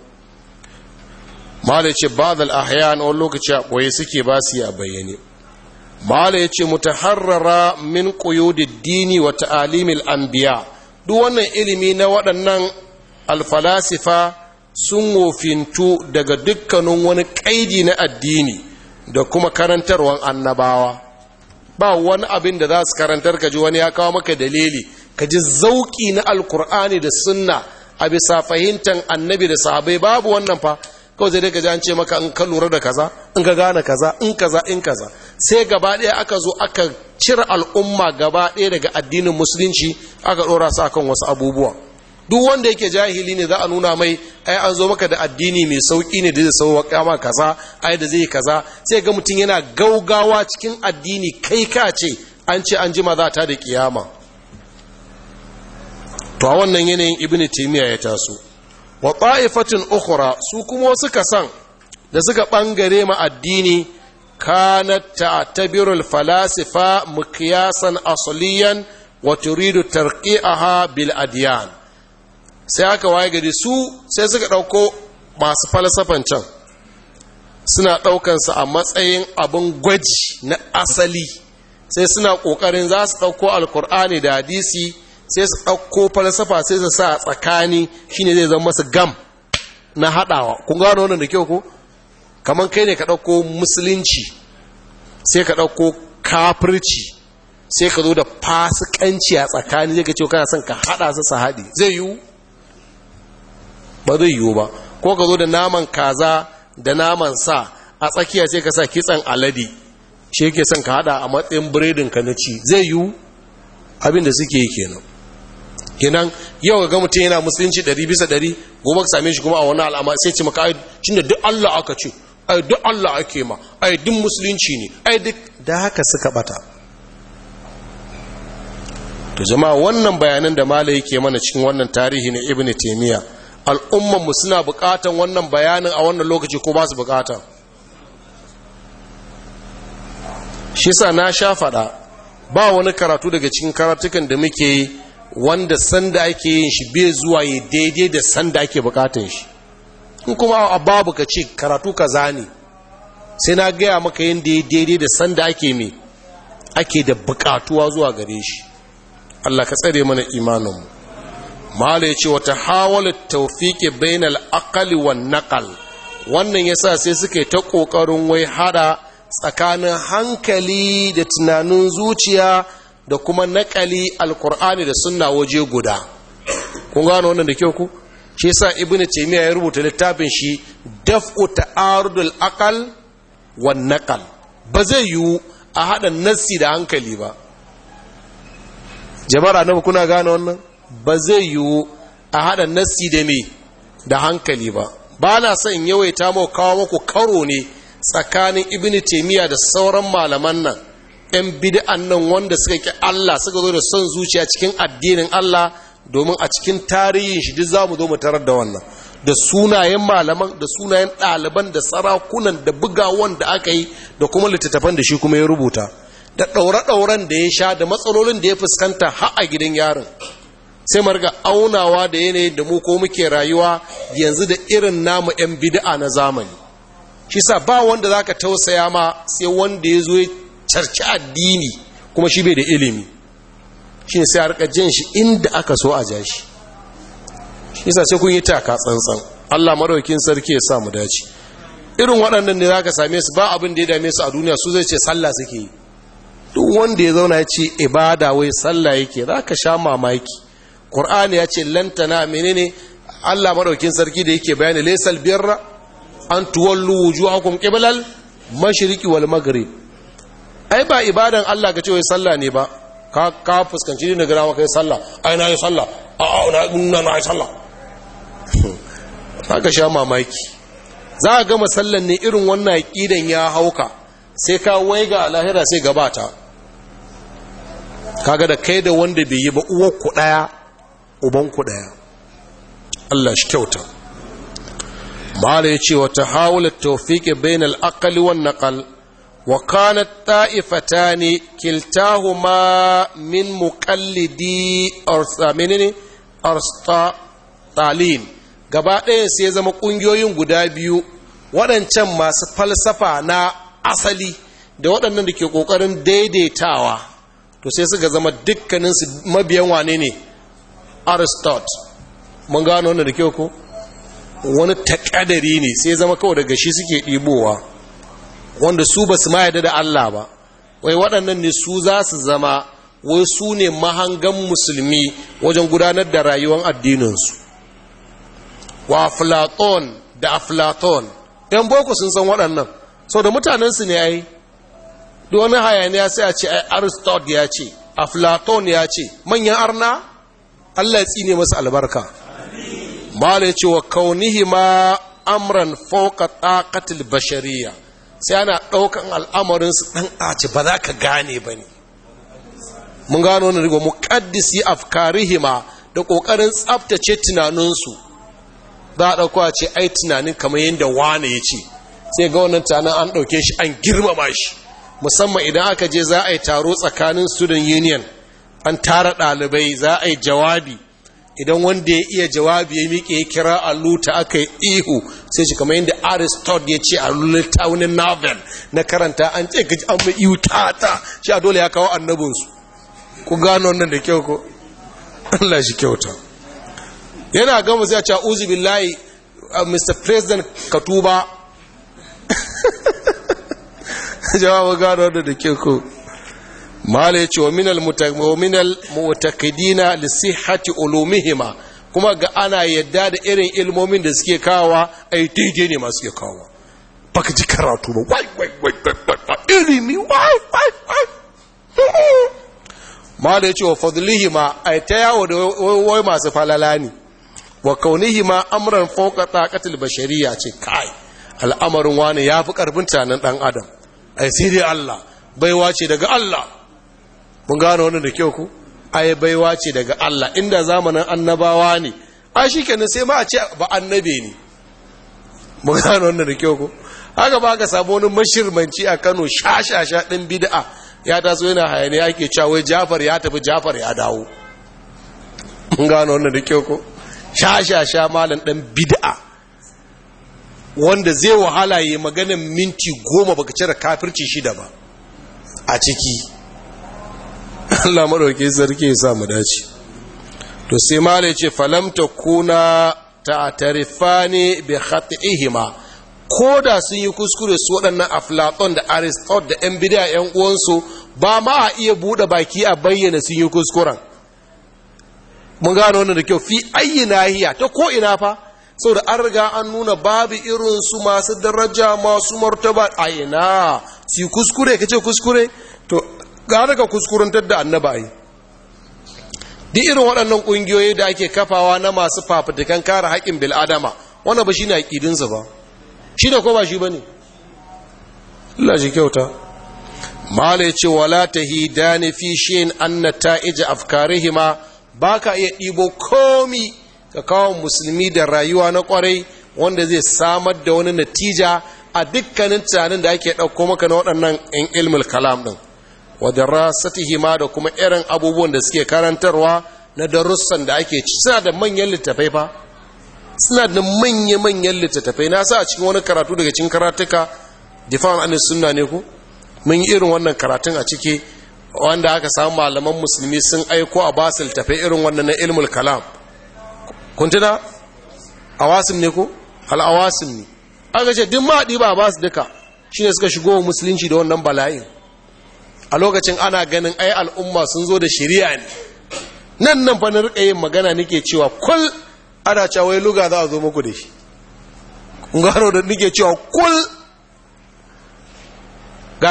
Speaker 1: malai ce ba'd al na wani lokaci a ɓoye suke ba su a bayyane bala ya ce mutaharrara min dini wa ta'alimil anbiya duk wannan ilimi na waɗannan alfalasifa sun wofintu daga dukkanin wani ƙaidi na addini da kuma karantarwan annabawa ba wani abin da za su karantar ka ji wani ya kawo maka dalili ka ji zauƙi na alkur'ani da sunna a bisa fahimtar annabi da sahabai babu wannan fa kawai sai dai ka ji an ce maka in ka lura da kaza in ka gane kaza in kaza in kaza sai gaba ɗaya aka zo aka cire al'umma gaba ɗaya daga addinin musulunci aka ɗora su akan wasu abubuwa duk wanda yake jahili ne za a nuna mai ai an zo maka da addini mai sauki ne da zai sauwa kama kaza ai da zai kaza sai ga mutum yana gaugawa cikin addini kai ka ce an ce an jima za ta da kiyama to a wannan yanayin ibnu taymiya ya taso wa ta'ifatin ukhra su kuma wasu kasan da suka bangare ma addini kanat ta'tabiru al-falasifa miqyasan asliyan wa turidu tarqi'aha bil adyan sai aka waye gari su sai suka dauko masu falsafan can suna su a matsayin abin gwaji na asali sai suna kokarin za su dauko alkur'ani da hadisi sai su ɗauko falsafa sai su sa tsakani tsakani shine zai zama masu gam na haɗawa kun gano wannan da kyau ko kamar kai ne ka ɗauko musulunci sai ka ɗauko kafirci sai ka zo da fasikanci a tsakani zai ka ce kana son ka haɗa su su haɗi zai yiwu ba zai yiwu ba ko ka zo da naman kaza da naman sa a tsakiya sai ka sa kitsan alade shi yake son ka haɗa a matsayin biredin ka na ci zai yiwu abinda da suke yi kenan kenan yau ga mutum yana musulunci ɗari bisa ɗari gobe ka same shi kuma a wani alama sai ce maka cin da duk Allah aka ce ai duk Allah ake ma ai duk musulunci ne ai duk da haka suka bata to jama'a wannan bayanan da malai yake mana cikin wannan tarihi na ibnu taymiya al'umman mu suna bukatan wannan bayanin a wannan lokaci ko ba su bukata shi sa na sha faɗa ba wani karatu daga cikin karatukan da muke yi wanda sanda ake yin shi bai zuwa ya daidai da sanda ake bukatan shi in kuma a babu ka ce karatu za ne sai na gaya maka yin da ya daidai da sanda ake mai ake da bukatuwa zuwa gare shi Allah ka tsare mana imaninmu mala ya ce wata hawala taufiki bainal akali wa nakal wannan yasa sai suke ta ƙoƙarin wai hada tsakanin hankali da tunanin zuciya da kuma naƙali alkur'ani da sunna waje guda kun gano wannan da kyau ku shi sa ibnu taymiya ya rubuta littafin shi daf'u ta'arudul aqal wan naqal ba zai yiwu a hada nassi da hankali ba kuna gano wannan ba zai yiwu a hada nassi da me da hankali ba ba na son yawaita mu kawo muku karo ne tsakanin ibnu taymiya da sauran malaman nan 'yan bid'an nan wanda suka ki Allah suka zo da son zuciya cikin addinin Allah domin a cikin tarihin shi duk za mu zo mu tarar da wannan da sunayen malaman da sunayen ɗaliban da sarakunan da bugawan da aka yi da kuma littattafan da shi kuma ya rubuta da ɗaure-ɗauren da ya sha da matsalolin da ya fuskanta har a gidan yarin sai marga aunawa da yanayin da mu ko muke rayuwa yanzu da irin namu 'yan bid'a na zamani shi sa ba wanda za ka tausaya ma sai wanda ya zo ya carci addini kuma shi bai da ilimi shi ne sai a jin shi inda aka so a jashi shi sa sai kun yi taka tsantsan allah maraukin sarki ya sa mu dace irin waɗannan ne za ka same su ba abin da ya dame su a duniya su zai ce sallah suke yi duk wanda ya zauna ya ce ibada wai sallah yake za ka sha mamaki ƙur'ani ya ce lantana menene allah maraukin sarki da yake bayani laisal birra an tuwallu wujuhakum qiblal mashriqi wal maghrib ai ba ibadan Allah ga cewa sallah ne ba ka ka fuskanci ne gara maka sallah ai na yi sallah a a na na na yi sallah ka sha mamaki za ka gama sallan ne irin wannan aqidan ya hauka sai ka waiga lahira sai gabata kaga da kai da wanda bai yi ba uwar ku daya uban ku daya Allah shi kyauta mala yace wa tahawul at-tawfiq bainal aqli wan naqal وكانت طائفتان كلتاهما من مقلدي أرثامين أرسطالين gaba ɗaya sai zama ƙungiyoyin guda biyu waɗancan masu falsafa na asali da waɗannan da ke ƙoƙarin daidaitawa to sai suka zama dukkaninsu mabiyan wane ne aristot mun gano wannan da kyau ko wani taƙadari ne sai zama kawai daga shi suke ɗibowa wanda su ba su ma da Allah ba wai waɗannan ne su za su zama wai su ne mahangan musulmi wajen gudanar da rayuwar addininsu wa aflaton da aflaton yan boko sun san waɗannan sau da mutanensu ne ai duk wani hayaniya sai a ce ai aristotle ya ce aflaton ya ce manyan arna allah ya tsine masu albarka da ya ce wa kaunihi ma amran fauka taqatil bashariya sai ana ɗaukan al'amarinsu ɗan ce ba za ka gane ba ne mun gano wani rigo muƙaddisi afkarihima da ƙoƙarin tsabtace tunaninsu za a ɗauko a ce ai tunanin kamar yadda wane ya ce sai ga wannan tanan an ɗauke shi an girmama shi musamman idan aka je za a yi taro tsakanin student union an tara ɗalibai za a yi jawabi idan wanda ya iya jawabi ya miƙe kira kira luta aka ihu sai shi kamar yadda aristot ya ce a lulluta wani novel na karanta an ce gaji an mai ihu ta ta shi a dole ya kawo annabinsu ku gano nan da kyau ko allah shi kyauta yana gama sai a ce uzu billahi uh, mr president katuba *laughs* jawabin gano nan da kyau ko mala ce wa minal mutaminal li sihhati ulumihima kuma ga ana yadda da irin ilmomin da suke kawa ai daidai ne masu suke kawa baka ji karatu ba wai wai wai ilimi wai wai wai mala ce wa fadlihima ai ta yawo da wai masu falala ne wa kaunihima amran fawqa taqatil bashariya ce kai al'amarin wani yafi karfin tunanin dan adam ai sai dai Allah baiwa ce daga Allah mun gano wannan da kyau ku ai baiwa ce daga Allah inda zamanin annabawa ne a shi kenan sai ma a ce ba annabe ne mun gano wannan da kyau ku haka ba ka samu wani mashirmanci a Kano shashasha din bid'a ya taso yana hayaniya yake cewa wai Jafar ya tafi Jafar ya dawo mun gano wannan da kyau ku shashasha malam dan bid'a wanda zai wahala ya maganin minti goma baka cire kafirci shida ba a ciki Allah marauke sarki ya sa mu dace to sai mala yace falam ta tarifani bi khat'ihima ko da sun yi kuskure su waɗannan aflaton da aristot da yan bid'a yan uwansu ba ma a iya buɗe baki a bayyana sun yi kuskuren mun gano wannan da kyau fi ayi nahiya ta ko ina fa saboda an riga an nuna babu irin su masu daraja masu martaba a ina su kuskure kace kuskure to gara ka kuskurantar da annaba yi duk irin waɗannan ƙungiyoyi da ake kafawa na masu fafutukan kare haƙƙin bil'adama wannan ba shi ne aƙidinsa ba shi ne ko ba shi ba ne Allah shi kyauta mala ce wala ta hidani fi shi'in anna ta'ija afkarihima ba ka iya ɗibo komi ka kawo musulmi da rayuwa na kwarai wanda zai samar da wani natija a dukkanin tunanin da ake ɗauko maka na waɗannan in ilmul kalam ɗin wa darasatihima da kuma irin abubuwan da suke karantarwa na darussan da ake ci suna da manyan littafai fa suna da manya-manyan littattafai na sa a cikin wani karatu daga cikin karatuka difan an sunna ne ku mun yi irin wannan karatun a ciki wanda aka samu malaman musulmi sun aiko a basu littafai irin wannan na ilmul kalam kun tuna awasim ne ku awasim ne aka ce duk ma ba basu duka shine suka shigo musulunci da wannan bala'in a lokacin ana ganin ai al'umma sun zo da shari'a ne nan nan fa na rika yin magana nike cewa kul ana cewa wai luga za a zo muku da shi ƙungaro da nike cewa kul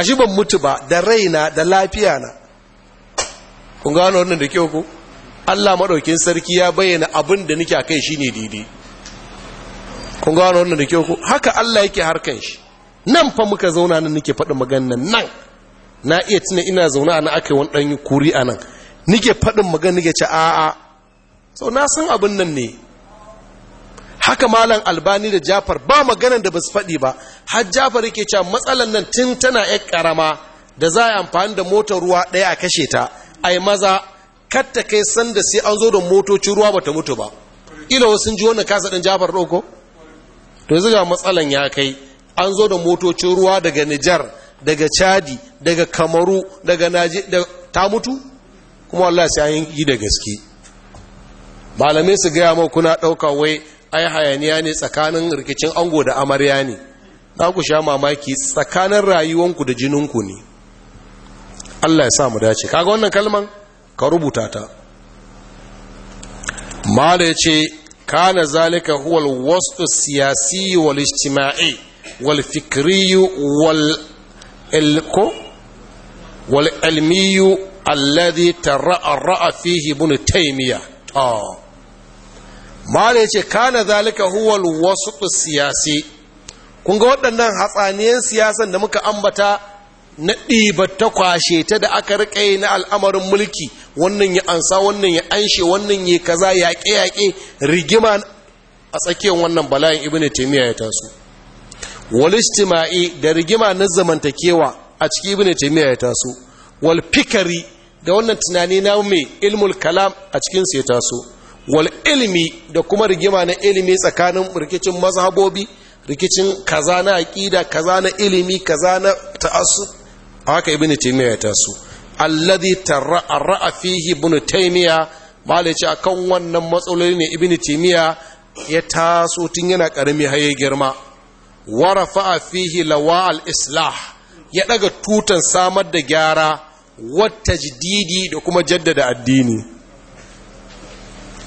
Speaker 1: shi ban mutu ba da raina da lafiya na ƙungaro da ke ku Allah maɗaukin sarki ya bayyana abin da nike a kai shi ne daidai. ƙungaro da ke ku haka Allah yake harkan shi nan fa muka zauna nan nike faɗi magana nan na iya tuna ina zaune a na aka wani ɗanyi kuri a nan nike faɗin magana nike ce a'a so na san abin nan ne haka malam albani da jafar ba maganan da ba su faɗi ba har jafar yake cewa matsalan nan tun tana yan ƙarama da za a yi amfani da motar ruwa ɗaya a kashe ta a yi maza kar ta kai sanda sai an zo da motocin ruwa ba ta mutu ba ila wasu ji wannan kasa ɗin jafar ɗauko to yanzu ga matsalan ya kai an zo da motocin ruwa daga nijar daga chadi daga kamaru daga da ta mutu kuma Allah sai an yi da gaske malamai su gaya ma kuna ɗauka wai ai hayaniya ne tsakanin rikicin ango da amarya ne Na ku sha mamaki tsakanin rayuwanku da jininku ne allah ya sa mu dace kaga wannan kalman ka rubuta ta mala ya ce kana zalika huwal wasu siyasi wal ijtima'i wal fikriyu wal ko wal ilmiyu alladhi tarra'a fihi ibn taymiya mala yace kana zalika huwa al siyasi kun ga waɗannan hatsaniyan siyasan da muka ambata na ɗibar ta kwashe ta da aka riƙe na al'amarin mulki wannan ya ansa wannan ya anshe wannan ya kaza yaƙe-yaƙe rigima a tsakiyar wannan bala'in ibn taymiya ya taso walistima'i da rigima na zamantakewa a cikin ibn taymiya ya taso wal fikari da wannan tunani na mai ilmul kalam a cikin ya taso wal ilmi da kuma rigima na ilimi tsakanin rikicin mazhabobi rikicin kaza na aqida kaza na ilimi kaza na ta'assu haka ibn taymiya ya taso alladhi tarra'a fihi ibn taymiya malaci akan wannan matsaloli ne ibn taymiya ya taso tun yana karami har ya girma warafa fihi lawa al’islah ya ɗaga tutan samar da gyara wata jididi da kuma jaddada addini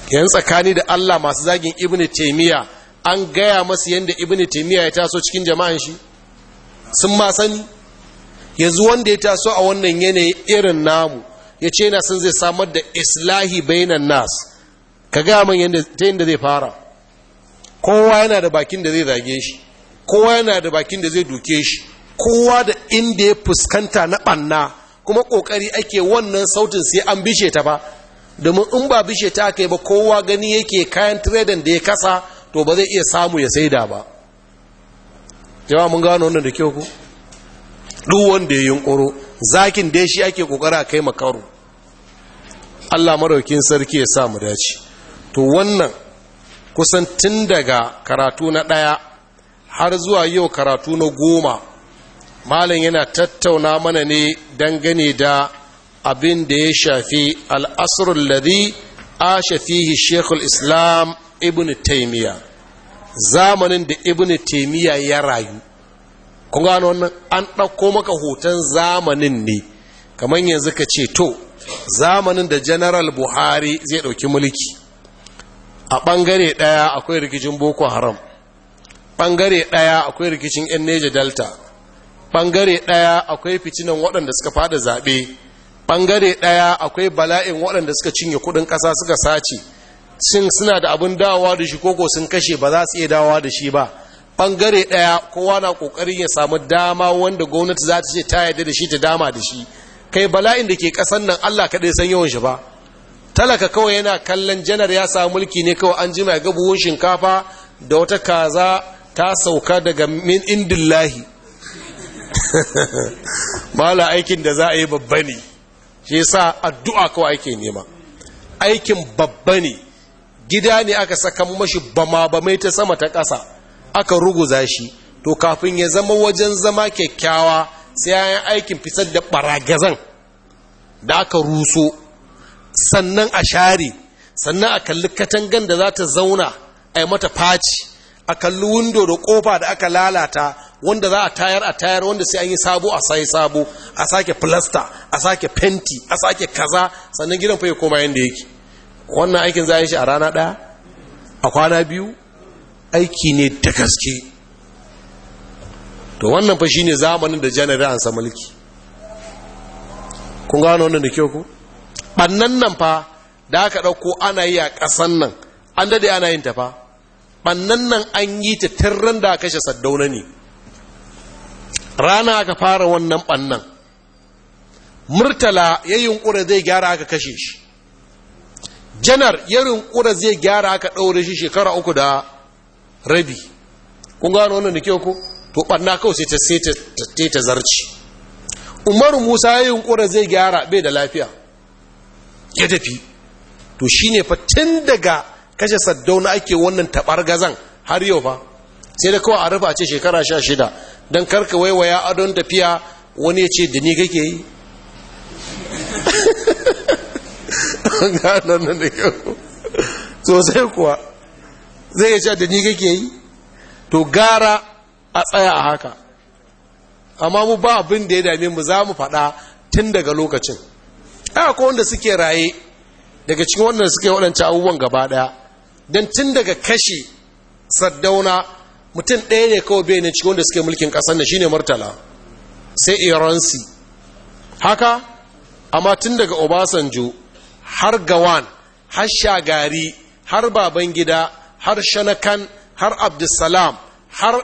Speaker 1: yan tsakani da Allah masu zagin ibn taimiyya an gaya masu yadda ibn taimiyya ya taso cikin jama'an shi sun ma sani yanzu wanda ya taso a wannan yanayi irin namu ya ce na sun zai samar da islahi bainan nas ka gaya man yadda zai fara kowa yana da bakin da zai zage shi kowa yana da bakin da zai duke shi kowa da inda ya fuskanta na ɓanna kuma ƙoƙari ake wannan sautin sai an bishe ta ba domin in ba bishe ta aka yi ba kowa gani yake kayan tiradan da ya kasa to ba zai iya samu ya saida ba yawa mun gano wannan da kyau ku duk wanda ya yunkuro zakin da shi ake kokara a kai makaru Allah maraukin sarki ya samu mu dace to wannan kusan tun daga karatu na ɗaya har zuwa yau karatu na goma malam yana tattauna mana ne dangane da abin da ya shafi al'asrul ladhi a shafihi shekul islam ibn taimiyya zamanin da ibn taimiyya ya rayu kun gano wannan an ɗauko maka hoton zamanin ne kamar yanzu ka ce to zamanin da general buhari zai ɗauki mulki a ɓangare ɗaya akwai rikicin boko haram bangare ɗaya akwai rikicin 'yan neja delta bangare ɗaya akwai fitinan waɗanda suka fada zaɓe bangare ɗaya akwai bala'in waɗanda suka cinye kuɗin ƙasa suka sace sun suna da abun dawowa da shi koko sun kashe ba za su iya dawowa da shi ba ɓangare ɗaya kowa na ƙoƙarin ya samu dama wanda gwamnati za ta ce ta yarda da shi ta dama da shi kai bala'in da ke ƙasar nan allah kaɗai san yawan shi ba talaka kawai yana kallon janar ya samu mulki ne kawai an jima ga buhun shinkafa da wata kaza ta sauka daga min indillahi mala *laughs* aikin da za a yi babba ne shi sa addu'a kawai ake nema aikin babba ne gida ne aka saka mashi bama bamai ta sama ta ƙasa aka ruguza shi to kafin ya zama wajen zama kyakkyawa sai ya aikin fitar da ɓaragazan da aka ruso sannan a share sannan a kalli katangan da za ta zauna a yi mata faci a kalli window da kofa da aka lalata wanda za a tayar a tayar wanda sai an yi sabo a sai sabo a sake plaster a sake fenti a sake kaza sannan gidan fa ya koma yanda yake wannan aikin za a yi shi a rana ɗaya a kwana biyu aiki ne da gaske to wannan fa shine zamanin da janar an mulki kun gano wannan da kyau ko? bannan nan fa da aka ɗauko ana yi a ƙasan nan an dade ana yin ta fa Ɓannan nan an yi ta tirran da kashe saddauna ne rana aka fara wannan bannan murtala ya yunkura zai gyara aka kashe shi janar ya yunkura zai gyara aka ɗaure shi shekara uku da rabi kun gano wannan da kyau ko to ɓanna kawai sai ta ta zarci umaru musa ya yunkura zai gyara bai da lafiya ya tafi to shine fa tun daga kashe saddauna ake wannan gazan har yau fa sai da kawai a rufa ce shekara sha shida don karka waiwaya adon tafiya wani ya ce da ni kake yi *laughs* sosai kuwa zai ce da ni kake yi to gara a tsaya a haka amma mu ba abin da ya dame mu za mu faɗa tun daga lokacin ko wanda suke raye daga cikin wanda suke waɗancan abubuwan gaba ɗaya don tun daga kashe saddauna mutum ɗaya ne kawai bai ne cikin wanda suke mulkin ƙasar na shine murtala sai iransi haka amma tun daga obasanjo har gawan har shagari har baban gida har shanakan har abdulsalam har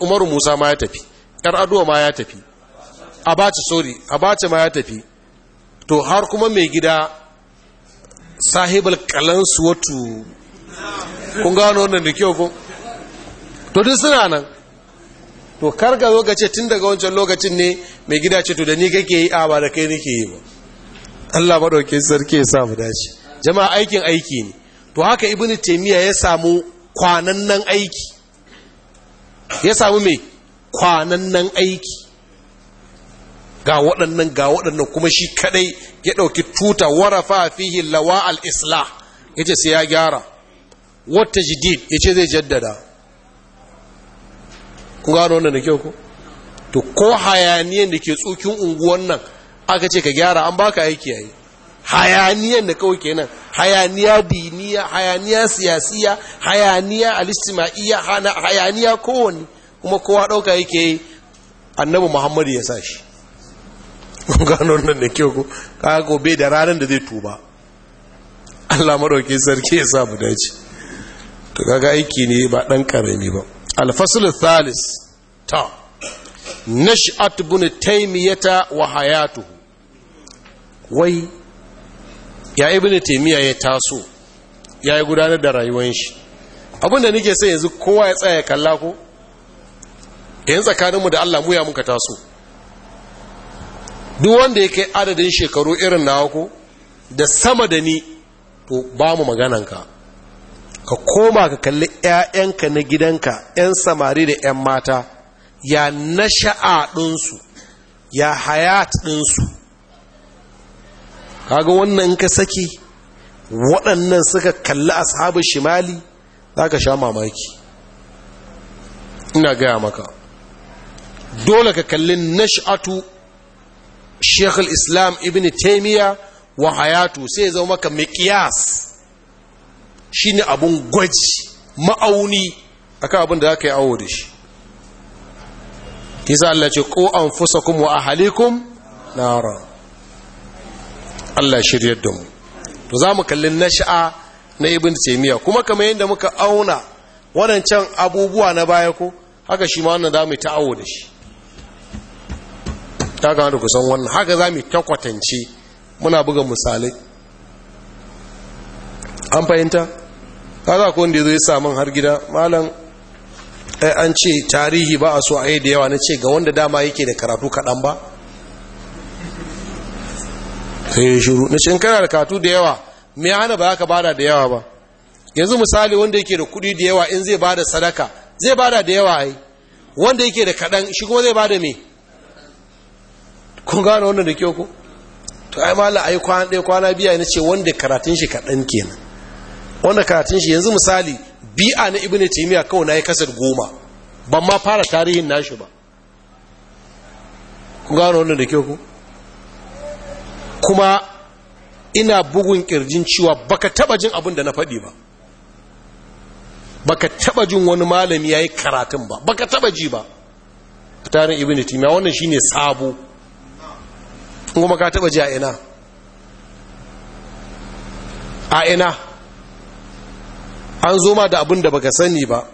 Speaker 1: umaru musa ma ya tafi yar aduwa ma ya tafi abaci sori abaci ma ya tafi to har kuma mai gida sahibul kalansu watu kun gano wannan da kyau ko to duk suna nan to karga zo ka tun daga wancan lokacin ne mai gida ce to da ni kake yi a ba da kai nake yi ba Allah madaukakin sarki ya sa mu dace jama'a aikin aiki ne to haka ibnu taymiya ya samu kwanan nan aiki ya samu mai nan aiki ga waɗannan ga waɗannan kuma shi kadai ya ɗauki tuta warafa fihi lawa al-islah yace sai ya gyara wata jidid ya ce zai jaddada ku gano wannan da kyau ku to ko hayaniyan da ke tsokin unguwan nan aka ce ka gyara an baka aiki yayi hayaniyan da kawai kenan hayaniya diniya hayaniya siyasiya hayaniya alistimaiya hayaniya kowanne kuma kowa ɗauka yake annabi muhammadu ya sa shi *laughs* gano wannan da kyau ku kaga gobe da ranar da zai tuba Allah maɗauki sarki ya sa mu dace to kaga aiki ne ba dan karami ba alfasul thalis ta nash'at ibn taymiyata wa hayatuhu wai ya ibn taymiya ya taso ya yi gudanar da rayuwar shi abinda nake sai yanzu kowa ya tsaya kalla ko yan tsakaninmu da Allah mu ya muka taso duk wanda ya kai adadin shekaru irin nawa ko da sama da ni to ba mu maganan ka ka koma ka kalli 'ya'yanka na gidanka 'yan samari da 'yan mata ya nasha'a ɗinsu ya hayat ɗinsu kaga wannan ka saki waɗannan suka kalli ashabu shimali za ka sha mamaki ina gaya maka dole ka kalli nash'atu shekul islam ibn taimiyya wa hayatu sai zama maka miƙiyas shine abun gwaji ma'auni akan abin da zaka yi awo da shi kisa Allah ce ko an fusa kuma wa ahalikum? nara Allah shirya da mu to mu kallin nasha'a na ibn taymiya kuma kamar yadda muka auna wadancan abubuwa na baya ko haka shi ma wannan mu ta ta'awo da shi ta ga da kusan wannan haka za zamu ta kwatance muna buga misalai an fahimta kaza ko wanda zai samun har gida malam ai an ce tarihi ba a so a yi da yawa na ce ga wanda dama yake da karatu kaɗan ba sai eh, shiru na ce kana da karatu da yawa me hana ba ka bada da yawa ba yanzu misali wanda yake da kuɗi da yawa in zai bada sadaka zai bada da yawa ai wanda yake da kaɗan shi kuma zai bada me kun gane wannan da kyau ko to ai malam ai kwana ɗaya kwana biya na ce wanda karatun shi kaɗan kenan wannan karatun shi yanzu misali bi'a na ibn taymiya kawai nayi kasar goma ban ma fara tarihin nashi ba ku gano wannan da kyau ku kuma ina bugun kirjin cewa baka taba jin abin da na faɗi ba baka taba jin wani malami yayi karatun ba baka taba ji ba tarin ibn taymiya wannan shine sabo kuma ka taba ji a ina a ina an zo ma da abin da baka sani ba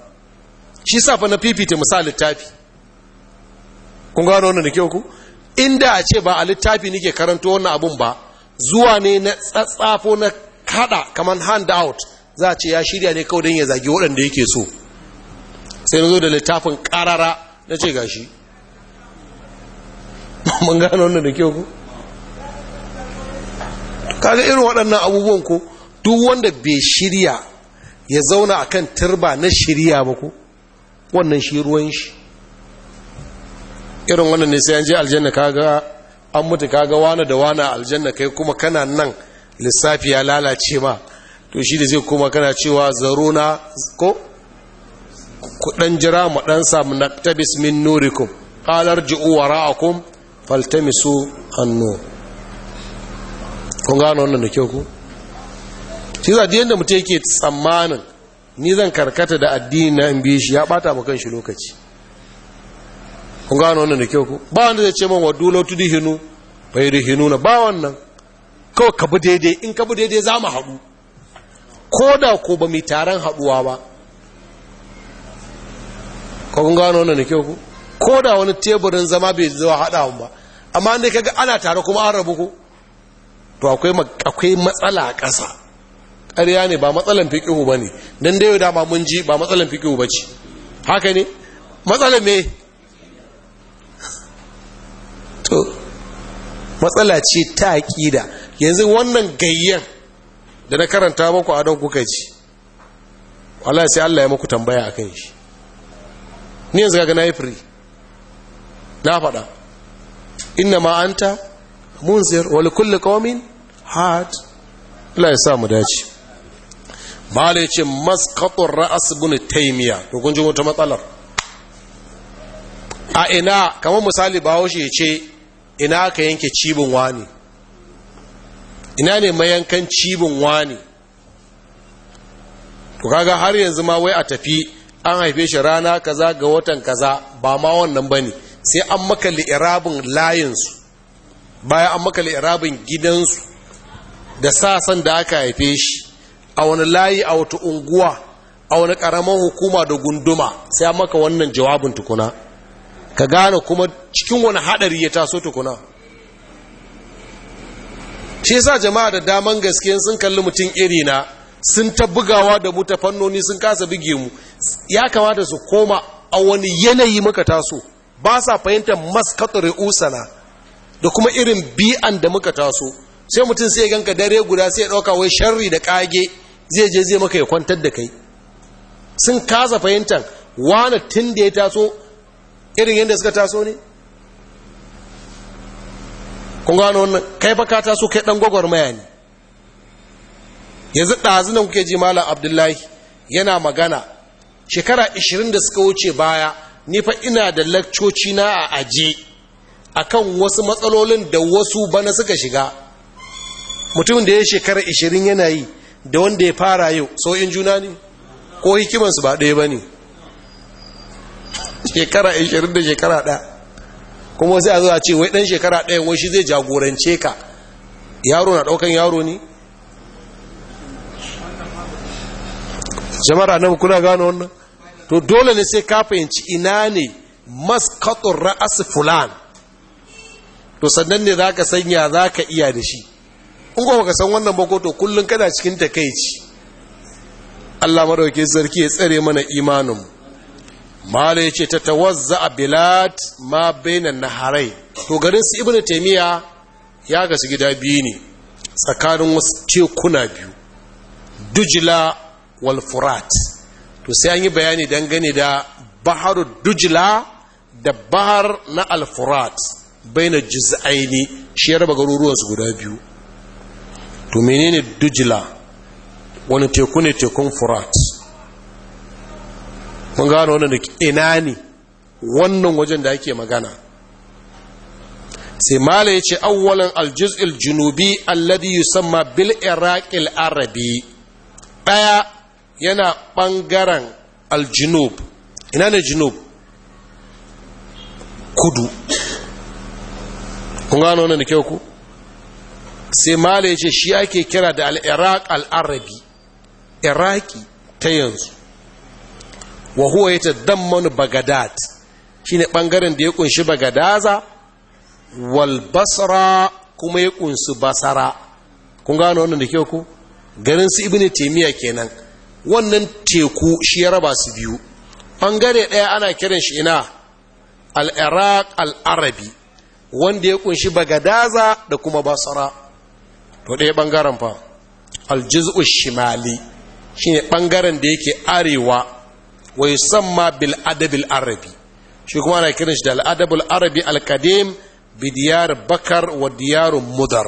Speaker 1: shi safa fa na fifita misali littafi kun gano wannan da ke ku inda a ce ba a littafi nike karanta wannan abun ba zuwa ne na tsatsafo na kada kamar hand out za a ce ya shirya ne kawai don ya zagi waɗanda yake so sai na zo da littafin ƙarara na ce gashi *laughs* mun gano wannan da ke ku kaga irin waɗannan abubuwan ku duk wanda bai shirya ya zauna a kan turba na shirya ba ku. wannan shi ruwan shi irin wannan ne sai an je aljanna kaga an mutu kaga wani da wani aljanna kai kuma kana nan lissafi ya lalace ma to shi da zai kuma kana cewa zaruna ko kudan jira mu dan samu naktabis min nurikum qalar ji'u wara'akum faltamisu an-nur kun gano wannan da kyau ku shi za yadda mutum yake tsammanin ni zan karkata da addini na in shi ya bata mu shi lokaci kun gano wannan da kyau ku ba wanda zai ce man wadu law tudhinu hinu na ba wannan kawai ka bi daidai in ka bi daidai za mu haɗu ko da ko ba mu taron haɗuwa ba kun gano wannan da kyau ku ko da wani teburin zama bai zuwa haɗa ba amma inda kaga ana tare kuma an rabu ku? to akwai matsala a ƙasa ƙarya ne ba matsalan fiƙihu ba ne don da yau da ba mun ji ba matsalan fiƙihu ba ce haka ne matsalan me to matsala ce ta aƙida yanzu wannan gayyan da na karanta maku a don kuka ji wala sai Allah ya maku tambaya a kan shi ni yanzu ga na ya firi na faɗa inna ma'anta munzir walikulli kulle ƙaumin hat Allah ya sa mu dace ba da ce maskatun ra'as bin taimiya to kun ji wata matsalar a ina kamar misali bahaushe ya ce ina ka yanke cibin wani ina ne mayankan cibin wani to kaga har yanzu ma wai a tafi an haife shi rana kaza ga watan kaza ba ma wannan bane sai an maka li'irabin layinsu baya an maka li'irabin gidansu da sasan da aka haife shi a wani layi a wata unguwa a wani ƙaramin hukuma da gunduma sai maka wannan jawabin tukuna ka gane kuma cikin wani haɗari ya taso tukuna shi sa jama'a da daman gaske sun kalli mutum iri na sun ta bugawa da mu ta fannoni sun kasa buge mu ya kamata su koma a wani yanayi muka taso ba sa fahimtar maskatar usana da kuma irin bi'an da muka taso sai mutum sai ganka dare guda sai ya ɗauka wai sharri da ƙage zai je zai maka ya kwantar da kai sun kasa fahimtar wane tun da ya taso irin yadda suka taso ne kun gano wannan kai fa ka taso kai dan gwagwarmaya ne yanzu ɗazu nan kuke ji malam abdullahi yana magana shekara 20 da suka wuce baya ni fa ina da lakcoci na a aje akan wasu matsalolin da wasu bana suka shiga mutumin da ya shekara 20 yana yi da wanda ya fara yau sau'in juna ne ko hikimansu ba ɗaya ba ne shekara 20 da shekara ɗaya kuma sai a zuwa ce wai ɗan shekara ɗaya wai shi zai jagorance ka yaro na ɗaukan yaro ne jama'ar nan kuna gano wannan to dole ne sai ka fahimci ina ne maskatun ra'asi fulan to sannan ne za ka sanya za ka iya da shi in kuma ka san wannan ba to kullum kana cikin takaici. Allah madauke sarki ya tsare mana imanin mu mala yace ta tawazza bilad ma baina naharai to garin su ibnu taymiya ya gasu gida biyu ne tsakanin wasu tekuna biyu dujla wal furat to sai an yi bayani dangane da baharu dujila da bahar na al furat baina juz'aini shi ya raba garuruwan su guda biyu to menene dujila wani teku ne tekun furat mun gano wani da ina ne wannan wajen da ake magana sai mala ya ce awwalan aljiz'il junubi alladhi yusamma bil iraqil arabi daya yana bangaren aljunub ina ne junub kudu kun gano wani da kyau ku sai mala ya ce shi ake kira da al'iraq al'arabi iraki ta yanzu wa huwa ya tadamman bagadad ne bangaren da ya kunshi bagadaza wal basara kuma ya kunshi basara kun gano wannan da kyau ku garin su ibnu taymiya kenan wannan teku shi ya raba su biyu ɓangare ɗaya ana kiran shi ina Al'iraq Al'arabi wanda ya kunshi bagadaza da kuma basara to ɗaya ɓangaren fa aljiz'u shimali ne ɓangaren da yake arewa wa yusamma bil adabil arabi shi kuma ana kiran shi da al'adabul arabi alkadim bi diyar bakar wa diyar mudar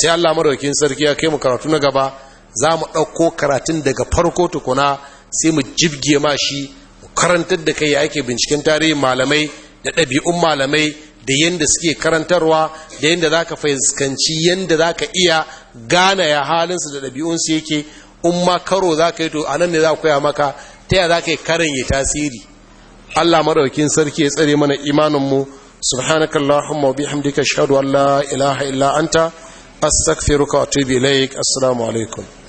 Speaker 1: sai Allah madaukin sarki ya kai mu karatu na gaba za mu ɗauko karatun daga farko tukuna sai mu jibge ma shi karantar da kai ya ake binciken tarihin malamai da ɗabi'un malamai da yadda suke karantarwa da yadda za ka fahimci yadda za ka iya gane ya halinsu da ɗabi'unsu yake in ma karo za ka yi to a nan ne za koya maka ta yaya za ka yi karin ya tasiri allah maɗaukin sarki ya tsare mana imaninmu subhanaka allahumma wa bihamdika ashhadu an la ilaha illa anta astaghfiruka wa atubu ilaik assalamu alaikum